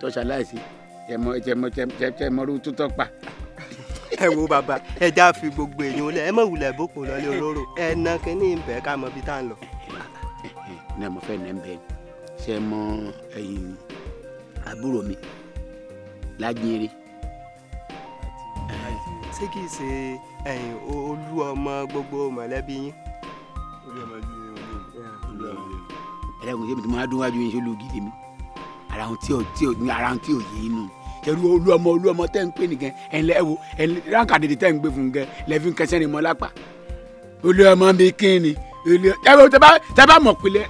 tọ́sà láìsí tẹmọ tẹmọ tẹmọrú tó tọ́ pa. ẹ wo bàbá ẹ já fi gbogbo èèyàn lẹ ẹ mọ wulẹ̀ bó kò lọlé olóró ẹ na kínní bẹ́ẹ̀ ká mọ bí tá à ń lọ. ní àmọ́ fẹ́ nẹ́ ń bẹ́ẹ̀ ṣe mọ ẹyin àbúrò mi lájẹrẹ. ṣé kìí ṣe ẹyin olú ọmọ gbogbo mọ̀lẹ́bí yín. olú ọmọ yín olú ọmọ yín ẹlẹ́gùn ṣé mi ti máa dún wájú yín ṣe lu gidi mi ara ohun tí ò tí ò ní ara ohun tí ò yé inú ṣẹlú olú ọmọ olú ọmọ tẹ́ ń pè nìkan ẹ̀ńlẹ́ wo ránkà dèdè tẹ́ ń gbé fún gẹ lẹ́fí ń kẹsẹ́ ni mọ́ lápá olú ọmọ mi kín ni olú ẹ̀rọ tẹ́ bá mọ̀ pìlẹ̀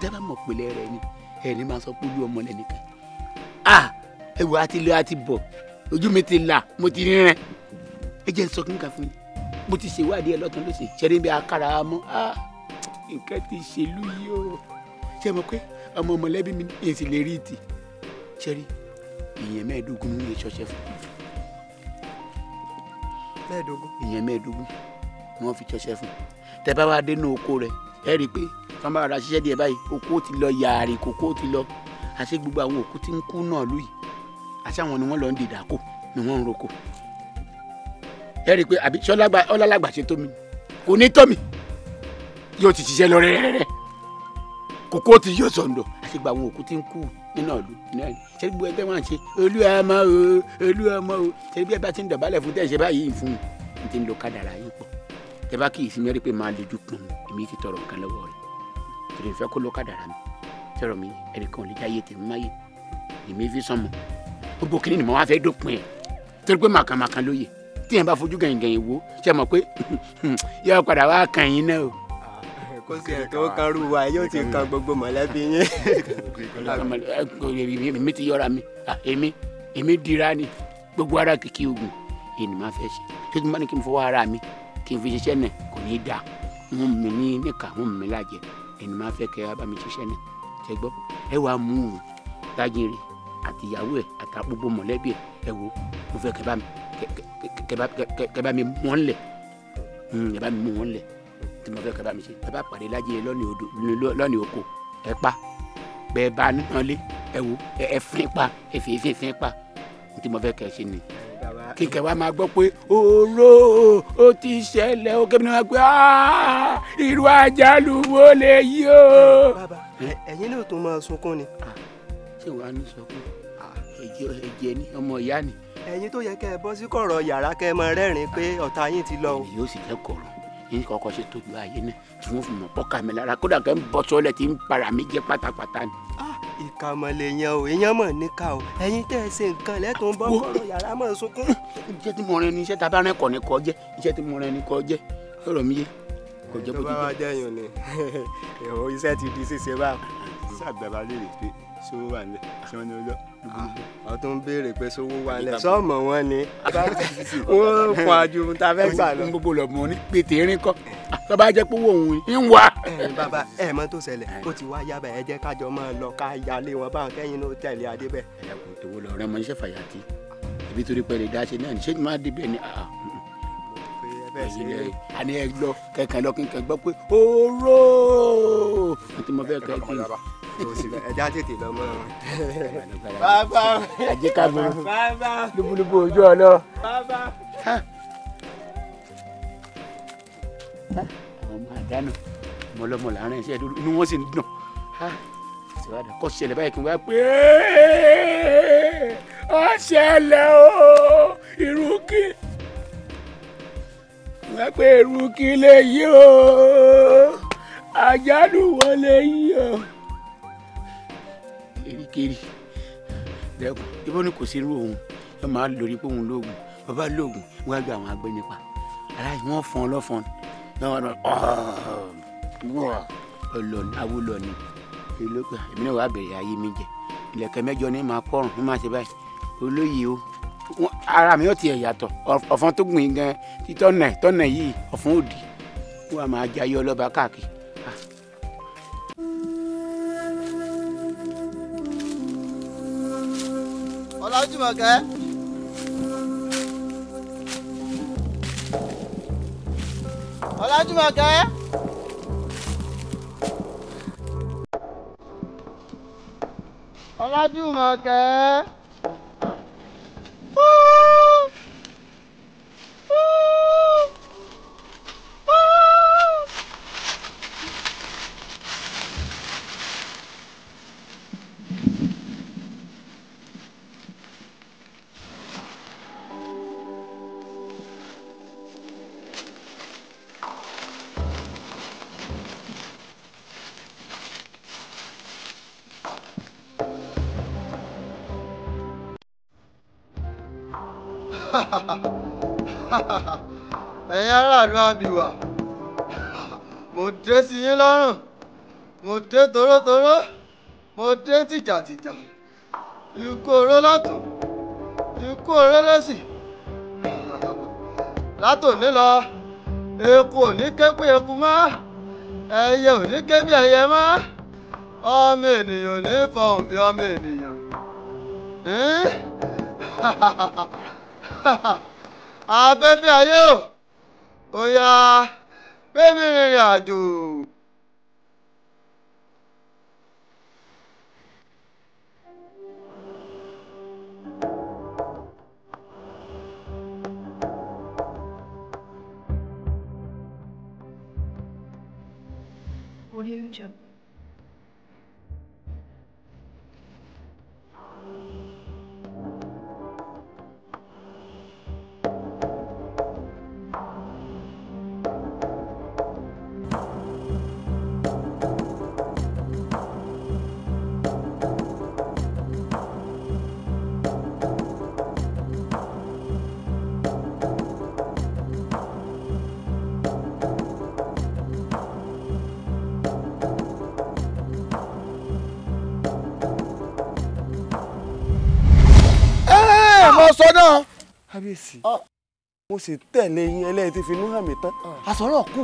tẹ́ bá mọ̀ pìlẹ̀ rẹ ni ẹ̀ní máa sọ pé olú ọmọ lẹ́nìkan ah ẹ̀wọ̀ àti lọ àti bọ̀ ojú mi ti là mo ti rìn ẹ jẹ́ sọ kí n kà fún yín mo ti ṣèwádìí ẹ lọ́tún lọ́sìn ṣẹ́ni bí akára mọ́ ah nǹkan ti ṣèlú yìí o tí ẹ mọ̀ pé ọmọ mọ̀lẹ́bí mi ní èsì lè rí ìtì ṣẹ́rí ìyẹn mẹ́ẹ̀ẹ́dógún ní ìṣọ̀ṣẹ́ fún mi. mẹ́ẹ̀ẹ́dógún. ìyẹn mẹ́ẹ̀ẹ́dógún ni wọ́n fi ṣọṣẹ́ fún tẹ bá wá dé inú oko rẹ ẹ rí i pé fún bá ra ṣiṣẹ́ díẹ̀ báyìí oko ti lọ yàrá kókó ti lọ àṣé gbogbo àwọn òkú tí ń kú náà lù yìí àṣé àwọn ni wọ́n lọ ń dìdàkọ ni wọ́n ń roko ẹ rí i pé àbí ṣọlá ọlálàgbà ṣe tómi kò ní tómi yóò ti ṣiṣẹ́ lọ rẹ́rẹ́rẹ́ kókó ti yọ sọ̀ndọ̀ àti gbà wo òkú ti ń kú nínú ọ̀dún náà ṣe gbogbo ẹgbẹ́ wọn ṣe olúwàmọ́ o olúwàmọ́ o ṣe bí ẹ bá ti ń dọ̀bálẹ̀ fún tẹ̀ ṣe báyìí fún un ti ń lo kádàrá yín pọ̀ tẹ bá kì í sinmi ẹ rí i pé máa lejú pọ̀ èmi ti tọrọ nǹkan lọ́wọ́ rẹ̀ torí ìfẹ́ kó lo kádàrá mi tọrọ mi ẹnìkan ò lè jáyé tèmi máyé èmi fi sọmọ gbogbo kìnìún ni mo wá fẹ́ dópin ẹ̀ torí pé màkàmàkà lóye tíyẹn bá fojú gẹ̀yìngẹ̀yìn wo ṣe mọ̀ pé yọ kó sì ẹ̀ tó kan rú wa yóò ti kan gbogbo mọ̀lẹ́bí yín. èmi ti yọra mi èmi èmi dira ni gbogbo ara kìkì ogun èmi máa fẹ́ ṣe kí n bá ní kí n fọwọ́ ara mi kí n fi ṣiṣẹ́ náà kò ní í dà ń mi ní níkà ń mi lájẹ èmi máa fẹ́ kẹ́ ẹ bá mi ṣiṣẹ́ náà ṣe gbọ́ ẹ wàá mú un tájìnrì àtìyàwó ẹ àtà mọ̀lẹ́bí ẹ ẹ wo mo fẹ́ kẹ́ bá mi kẹ́ bá mi mú wọn lẹ̀ ẹ bá mi mú wọn lẹ̀. Hmm, tí mo fẹ́ kẹ́ bá mi ṣe ẹ bá pàdé lájẹ́ lọ́nìí oko ẹ pa bẹ́ẹ̀ bá nínú ẹ wo ẹ fín pa ẹ fi fi fín pa tí mo fẹ́ kẹ́ ṣe ni kí kẹ́ wá máa gbọ́ pé oró ó ti ṣẹlẹ̀ ó kẹ́mi náà gbé irú àjálù wo lè yí o. bàbá ẹ̀yin náà tún máa sunkún ni. Ah, ṣé wàá ní sọkún ah, ẹ̀jẹ̀ ni ọmọ ìyá ni. ẹ̀yin tó yẹ kẹ́ ẹ bọ́ sí kọ̀rọ̀ yàrá kẹ́ ẹ máa rẹ́rìn-ín pé ọ̀tá yín ti lọ o. yóò sì jẹ́ kọ̀rọ̀ yín kọ́kọ́ ṣe tójú ayé náà tí wọ́n fi mọ̀ pọ́kà mi lára kódà kẹ́ ń bọ́ sọ́lẹ̀ tí ń para mi jẹ́ pátápátá ni. Ah, ìka mọ̀ lè yan o èèyàn mọ̀ níka o ẹ̀yin tẹ́ ẹ ṣe nǹkan lẹ́tọ̀ọ́ bọ́ kọ́rọ̀ yàrá mọ̀ sunkún. iṣẹ́ tí mo rẹ ni iṣẹ́ tá kọ̀ ni kọ́ jẹ́ iṣẹ́ tí mo rẹ ni kọ́ jẹ́ lọ́rọ̀ mi yé kò jẹ́ kó jẹ́. tó bá wá jẹ́yàn ni iṣẹ́ ti di ṣíṣe báà sábà sówó wà nílẹ̀ ṣé wọ́n ní ọjọ́ ọ tún béèrè pé sówó wà nílẹ̀ sọ́ọ̀mọ̀ wọn ni wọ́n fún ajú ta fẹ́ gbà lọ. gbogbo lọ mọ ní pété erin kọ tó bá jẹ́ pówó òun ń wá. bàbá ẹ mọ tó ṣẹlẹ̀ ó ti wá yábà ẹ jẹ́ kájọ máa lọ ká yálé wọn báwọn kẹ́yìn ló tẹ̀lé adé bẹ́ẹ̀. ẹ̀yà kò tó lọ rẹ mọ iṣẹ́ fàyàtì ibi torí pẹ̀lẹ́ dáṣe náà ṣé ni máa dé bẹ́ẹ̀ ni àní ah, ah. ẹ gbọ́ kẹkẹ lọ kí n kẹ gbọ́ pé oró àti mo kẹ kí n jájètè lọmọ bàbá àjẹká burú lúbúlúbú ojú ọlọ. ọmọ àdánù mọlọmọ làárín ẹsẹ inú wọn sì ń dùn ìwádìí kò ṣẹlẹ̀ báyìí kí n wá pé ó ṣẹlẹ̀ o irú kí wá pé irú kí lè yí o àjálù wọn lè yí o kiri ibo ni kò sí òun ẹ máa lórí pé òun lóògùn bàbá lóògùn wọn gbé àwọn agbẹ nípa aláì wọn fọn ọlọfọn ọlọni awolọni ìlókè èmi náà wàá bẹ̀rẹ̀ ayé mi jẹ ìlẹ̀kẹ̀ mẹ́jọ ni màá kọrùn ní màá ṣe báyìí olóyè o ara mi ò tiẹ̀ yàtọ̀ ọ̀fọ̀n tó gùn yín gan títọ́nà tọ́nà yìí ọ̀fọ̀n òdì wọn a máa jayé ọlọ́ba káàkiri ó Jùmọ̀kẹ́. ọ̀la Jùmọ̀kẹ́. ọ̀la Jùmọ̀kẹ́. lọ́rùn mo dé torótoró mo dé tìjàtìjà ikú oró lọ́tún ikú oró lọ́sì látòní lọ eku ò ké pé eku mọ́ ẹyẹ ò ké bí ẹyẹ mọ́ ọmọ ènìyàn ní fọhùn bí ọmọ ènìyàn afẹ́fẹ́ ayé o ó yá gbé mi rìnrìn àjò. Audio Jungle. sọ náà. kábíyèsí ah. mo sì tẹ̀lé yín ẹlẹ́yìn tí finú hàn mí tán ah. àsọ̀rọ̀ kù.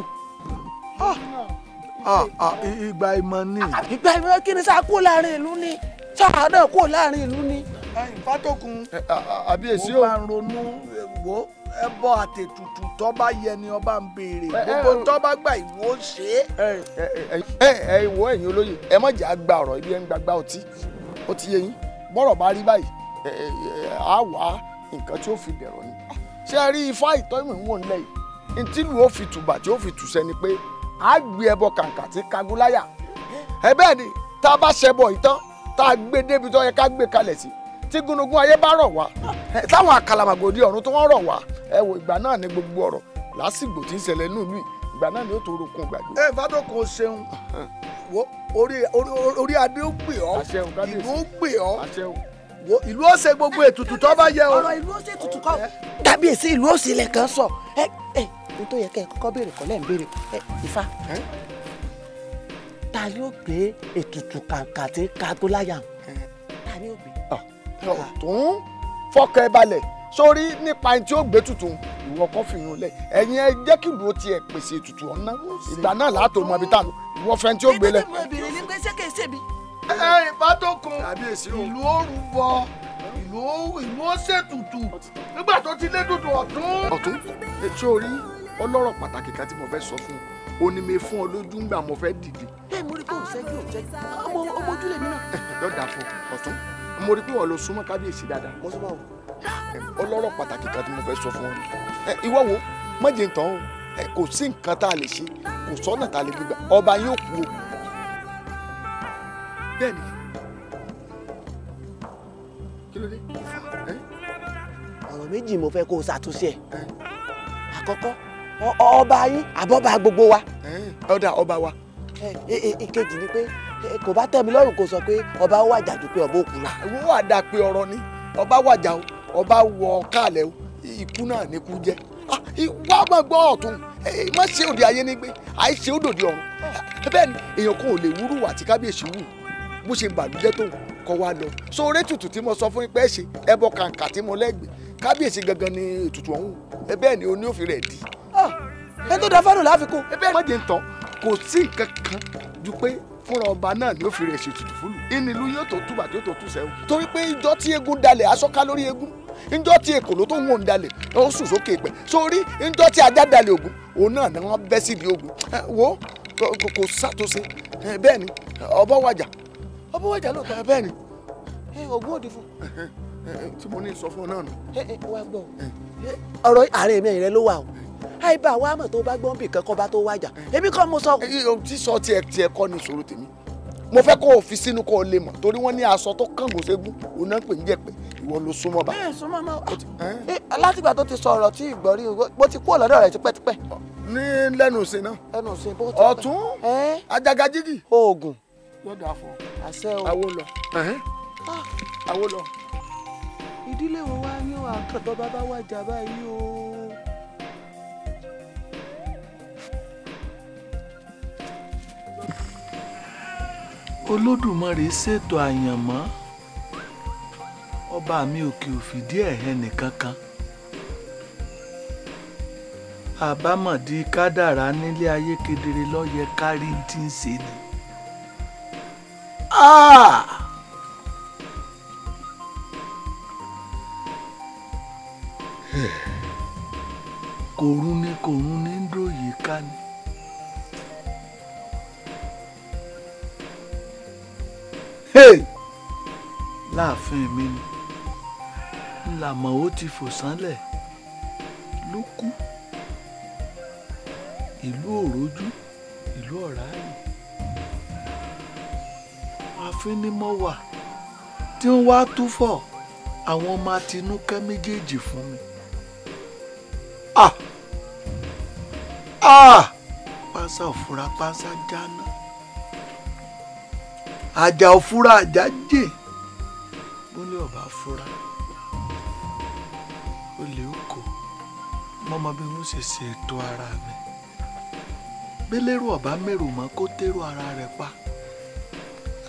ìgbà ah. ìmọ̀ ni. ìgbà ìmọ̀ kí ni sáà kú láàrin ìlú ni sáà náà kú láàrin ìlú ni. Eh, ìfátòkun àbíyèsí eh, o. ó bá ń ronú eh, wo ẹbọ àtètùtù tó bá yẹ ni ọba ń béèrè gbogbo tó bá gbà ìwọ ṣe é. ẹ ẹ ìwọ ẹ̀yin olóyè ẹ má jẹ́ àgbà ọ̀rọ̀ ibi ẹ ń gbàgbà ọtí ó ti yé yín bọ́rọ̀ bá rí báyìí á wá nǹkan tí ó fi dẹ̀rọ̀ ni ṣé ẹ rí ifá ìtọ́ ìmọ̀ ń lẹ̀ yìí ntìlú ó fi tùbà tí ó fi tùsẹ́ ni pé á gbé ẹbọ kàǹkà tí kagúláyà ẹ bẹ́ẹ̀ ni tá a bá ṣẹbọ ìtàn tá a gbé débi tó yẹ ká gbé kalẹ̀ sí tí gúnugún ayé bá rọ̀ wá táwọn àkàlàmàgòdì ọ̀run tó wọ́n rọ̀ wá ẹ wo ìgbà náà ni gbogbo ọ̀rọ̀ lásìgbò tí ń ṣẹlẹ̀ nínú ìlú ìgbà náà ni ó tó rokun gbàgbé. ẹ fàdókun ṣeun wo orí adé ó gbè ọ́ ìlú ó gbè ọ́ ìlú ó ṣe gbogbo ètùtù tó bá yẹ o. ọ̀rọ̀ ìlú ó ṣe ètùtù kọ́. kábíyèsí ìlú ó sì lẹ̀ kan sọ ẹ ẹ n tó yẹ kẹ́ ẹ kọ́kọ́ béèrè kọ́lẹ́ ń béèrè ẹ Ifá. ta ni ó gbé ètùtù kàǹkà tí kaago láyà ń. ta ni ó gbé. tún fọkàn ẹ balẹ̀ sórí nípa ẹni tí ó gbé tuntun ìwọ kọ́ fìyàn lẹ̀ ẹ̀yin ẹ jẹ́ kí ìlú ó tiẹ̀ pèsè ètùtù ọ̀nà ìgbà náà látò mọ̀ ibi tá a lọ ìwọ fẹ́ ẹni tí ó gbé lẹ̀. ẹ ẹ ìbá tó kun ìlú òru bọ ìlú ìlú ó ṣètùtù nígbà tó ti lé dùdù ọ̀tún. ọ̀tún ètò orí ọlọ́rọ̀ pàtàkì kan tí mo fẹ́ sọ fún un ó ní mi fún ọ lójú ńgbà mo fẹ́ dìde. bẹ́ẹ̀ mo rí pé òṣèjú òṣèjú ọmọ ọmọ ojúlé mi náà. lọ́dà fún ọ̀tún mo rí pé wọ́n lọ súnmọ́ kábíyèsí dáadáa. mo súnmọ́ o. ọlọ́rọ̀ pàtàkì kan tí mo fẹ́ sọ fún ọ ìwọ wo mọ̀jẹ̀ ń tán o kò sí nǹkan tá a lè ṣe kò sọ́nà tá a lè gbígbà ọba yóò kú o bẹ́ẹ̀ ni kí ló dé. ọ̀rọ̀ méjì mo fẹ́ kó o ṣàtúnṣe ẹ̀ àkọ́kọ́ ọba yín àbọ̀bà gbogbo wa. ọ̀dà ọba wa. E, e, ìkejì ni pé kò bá tẹ́ mi lọ́rùn kó sọ pé ọba wàjà ju pé ọba òkun la. wọ́n wà dáa pé ọ̀rọ̀ ni ọba wàjà o ọba wọ káàlẹ̀ o ikú náà ni kú jẹ́ ah, wàá máa gbọ́ ọ̀tún má ṣe òde ayé nígbé àìṣe òdòdì ọ̀run bẹ́ẹ̀ ni èèyàn kò lè wúrú wà kábíyèsí wù bó ṣe bàlújẹ́ tó kọ́ wa lọ so tutù tí mo sọ fún yín ṣe ẹbọ kàǹkà tí mo lẹ́gbẹ̀ẹ́ kábíyèsí gangan ni ètùtù ọ̀hún ẹ ni oní òfin rẹ̀ di. Ah, ẹ tó da fẹ́ràn láfikún. ẹ mọ̀jẹ̀ ń tán kò sí nǹkan kan ju pé fúnra ọba náà ni ó fi rẹ̀ ṣètùtù fúlù ìnílù yóò tó túbà tí ó tó tú sẹ́wọ̀n. torí pé ìjọ tí eégún dalẹ̀ aṣọ́ká lórí eégún ìjọ tí èkòló tó ń dalẹ̀ ó sùn sókè pẹ̀ sórí ìjọ tí ajá dalẹ̀ ògún òun náà ni wọ́n bẹ́ síbi ògún wo kò sàtúnṣe bẹ́ẹ̀ ni ọbọ̀ wàjà ọmọ wájà ló tọ̀ bẹ́ẹ̀ ni oògùn òdì fún. tí mo ní sọ fún ọ náà nù. wá gbọ́ ọ̀rọ̀ àárẹ̀ mi rẹ ló wà o àìbá wa mọ̀ tó bá gbọ́n bì kankan bá tó wájà èmi kọ́ mo sọ. tí sọ tiẹ̀ tiẹ̀ kọ́ ni ìṣòro tèmi mo fẹ́ kó o fi sínú kó o lè mọ̀ torí wọ́n ní aṣọ tó kàngò ségún òun náà pè ń jẹ́ pé ìwọ ló súnmọ́ bá. bẹ́ẹ̀ súnmọ́ máa látìgbà tó ti sọ ọ̀rọ̀ tí ìgbọ̀rí bó ti kú ọ̀lọ́dọ̀ rẹ̀ tipẹ́tipẹ́. ní lẹ́nu ìsìn náà ọ̀tún ajagajigi. oògùn yóò dà fún ọ. àṣẹ o àwo lọ. àwo ah. lọ. ìdílé wo wá ní àkàtọ́ bàbá wa jà báyìí o. olódùmarè ṣètò àyànmọ́ ọba mi òkè òfìdí ẹ̀hẹ́ nìkan kan àbámọ̀dí kádàrá nílé ayé kedere ló kárí tí ń ṣe ni kòrún ni kòrún ni ń dòye ká ni. láàfin mi ni ńlàmọ̀ ó ti fò sánlẹ̀ ló kú ìlú òròjú ìlú ọ̀ráyè òfin ni mo wà tí wọ́n wá túfọ̀ àwọn ọmọ àtinúkẹ́ méjèèjì fún mi. ah ah pásá òfúra pásá jáná àjà òfúra àjà jè bólé ọba fúra olè oko mọ́mọ́ bí wọ́n ṣe ṣètò ara mi bẹ́lẹ́rù ọba mẹ́rù mọ́ kó tẹ́rù ara rẹ̀ pa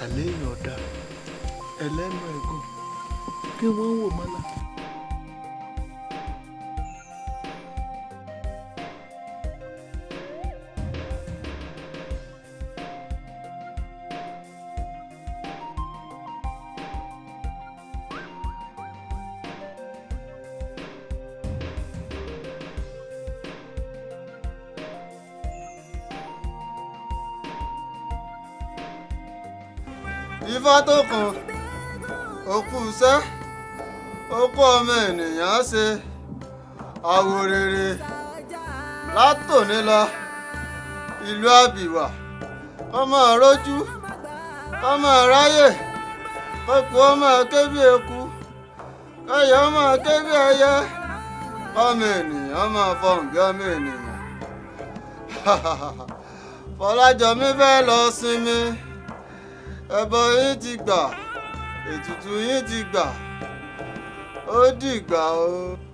àléèyàn ọ̀dà ẹlẹ́nu ẹ̀gùn kí wọ́n wò mọ́lá. ọmọ ènìyàn ṣe àwòrèrè látòní lọ ìlú àbíwá ọmọ àrójú ọmọ àráyè ọkọ ọmọ akébí eku ẹyẹ ọmọ akébí ẹyẹ ọmọ ènìyàn ọmọ àfọǹgẹ ọmọ ènìyàn Fọlájọmí fẹ́ lọ sinmi ẹbọ yín ti gbà ètùtù yín ti gbà ó dìgbà o.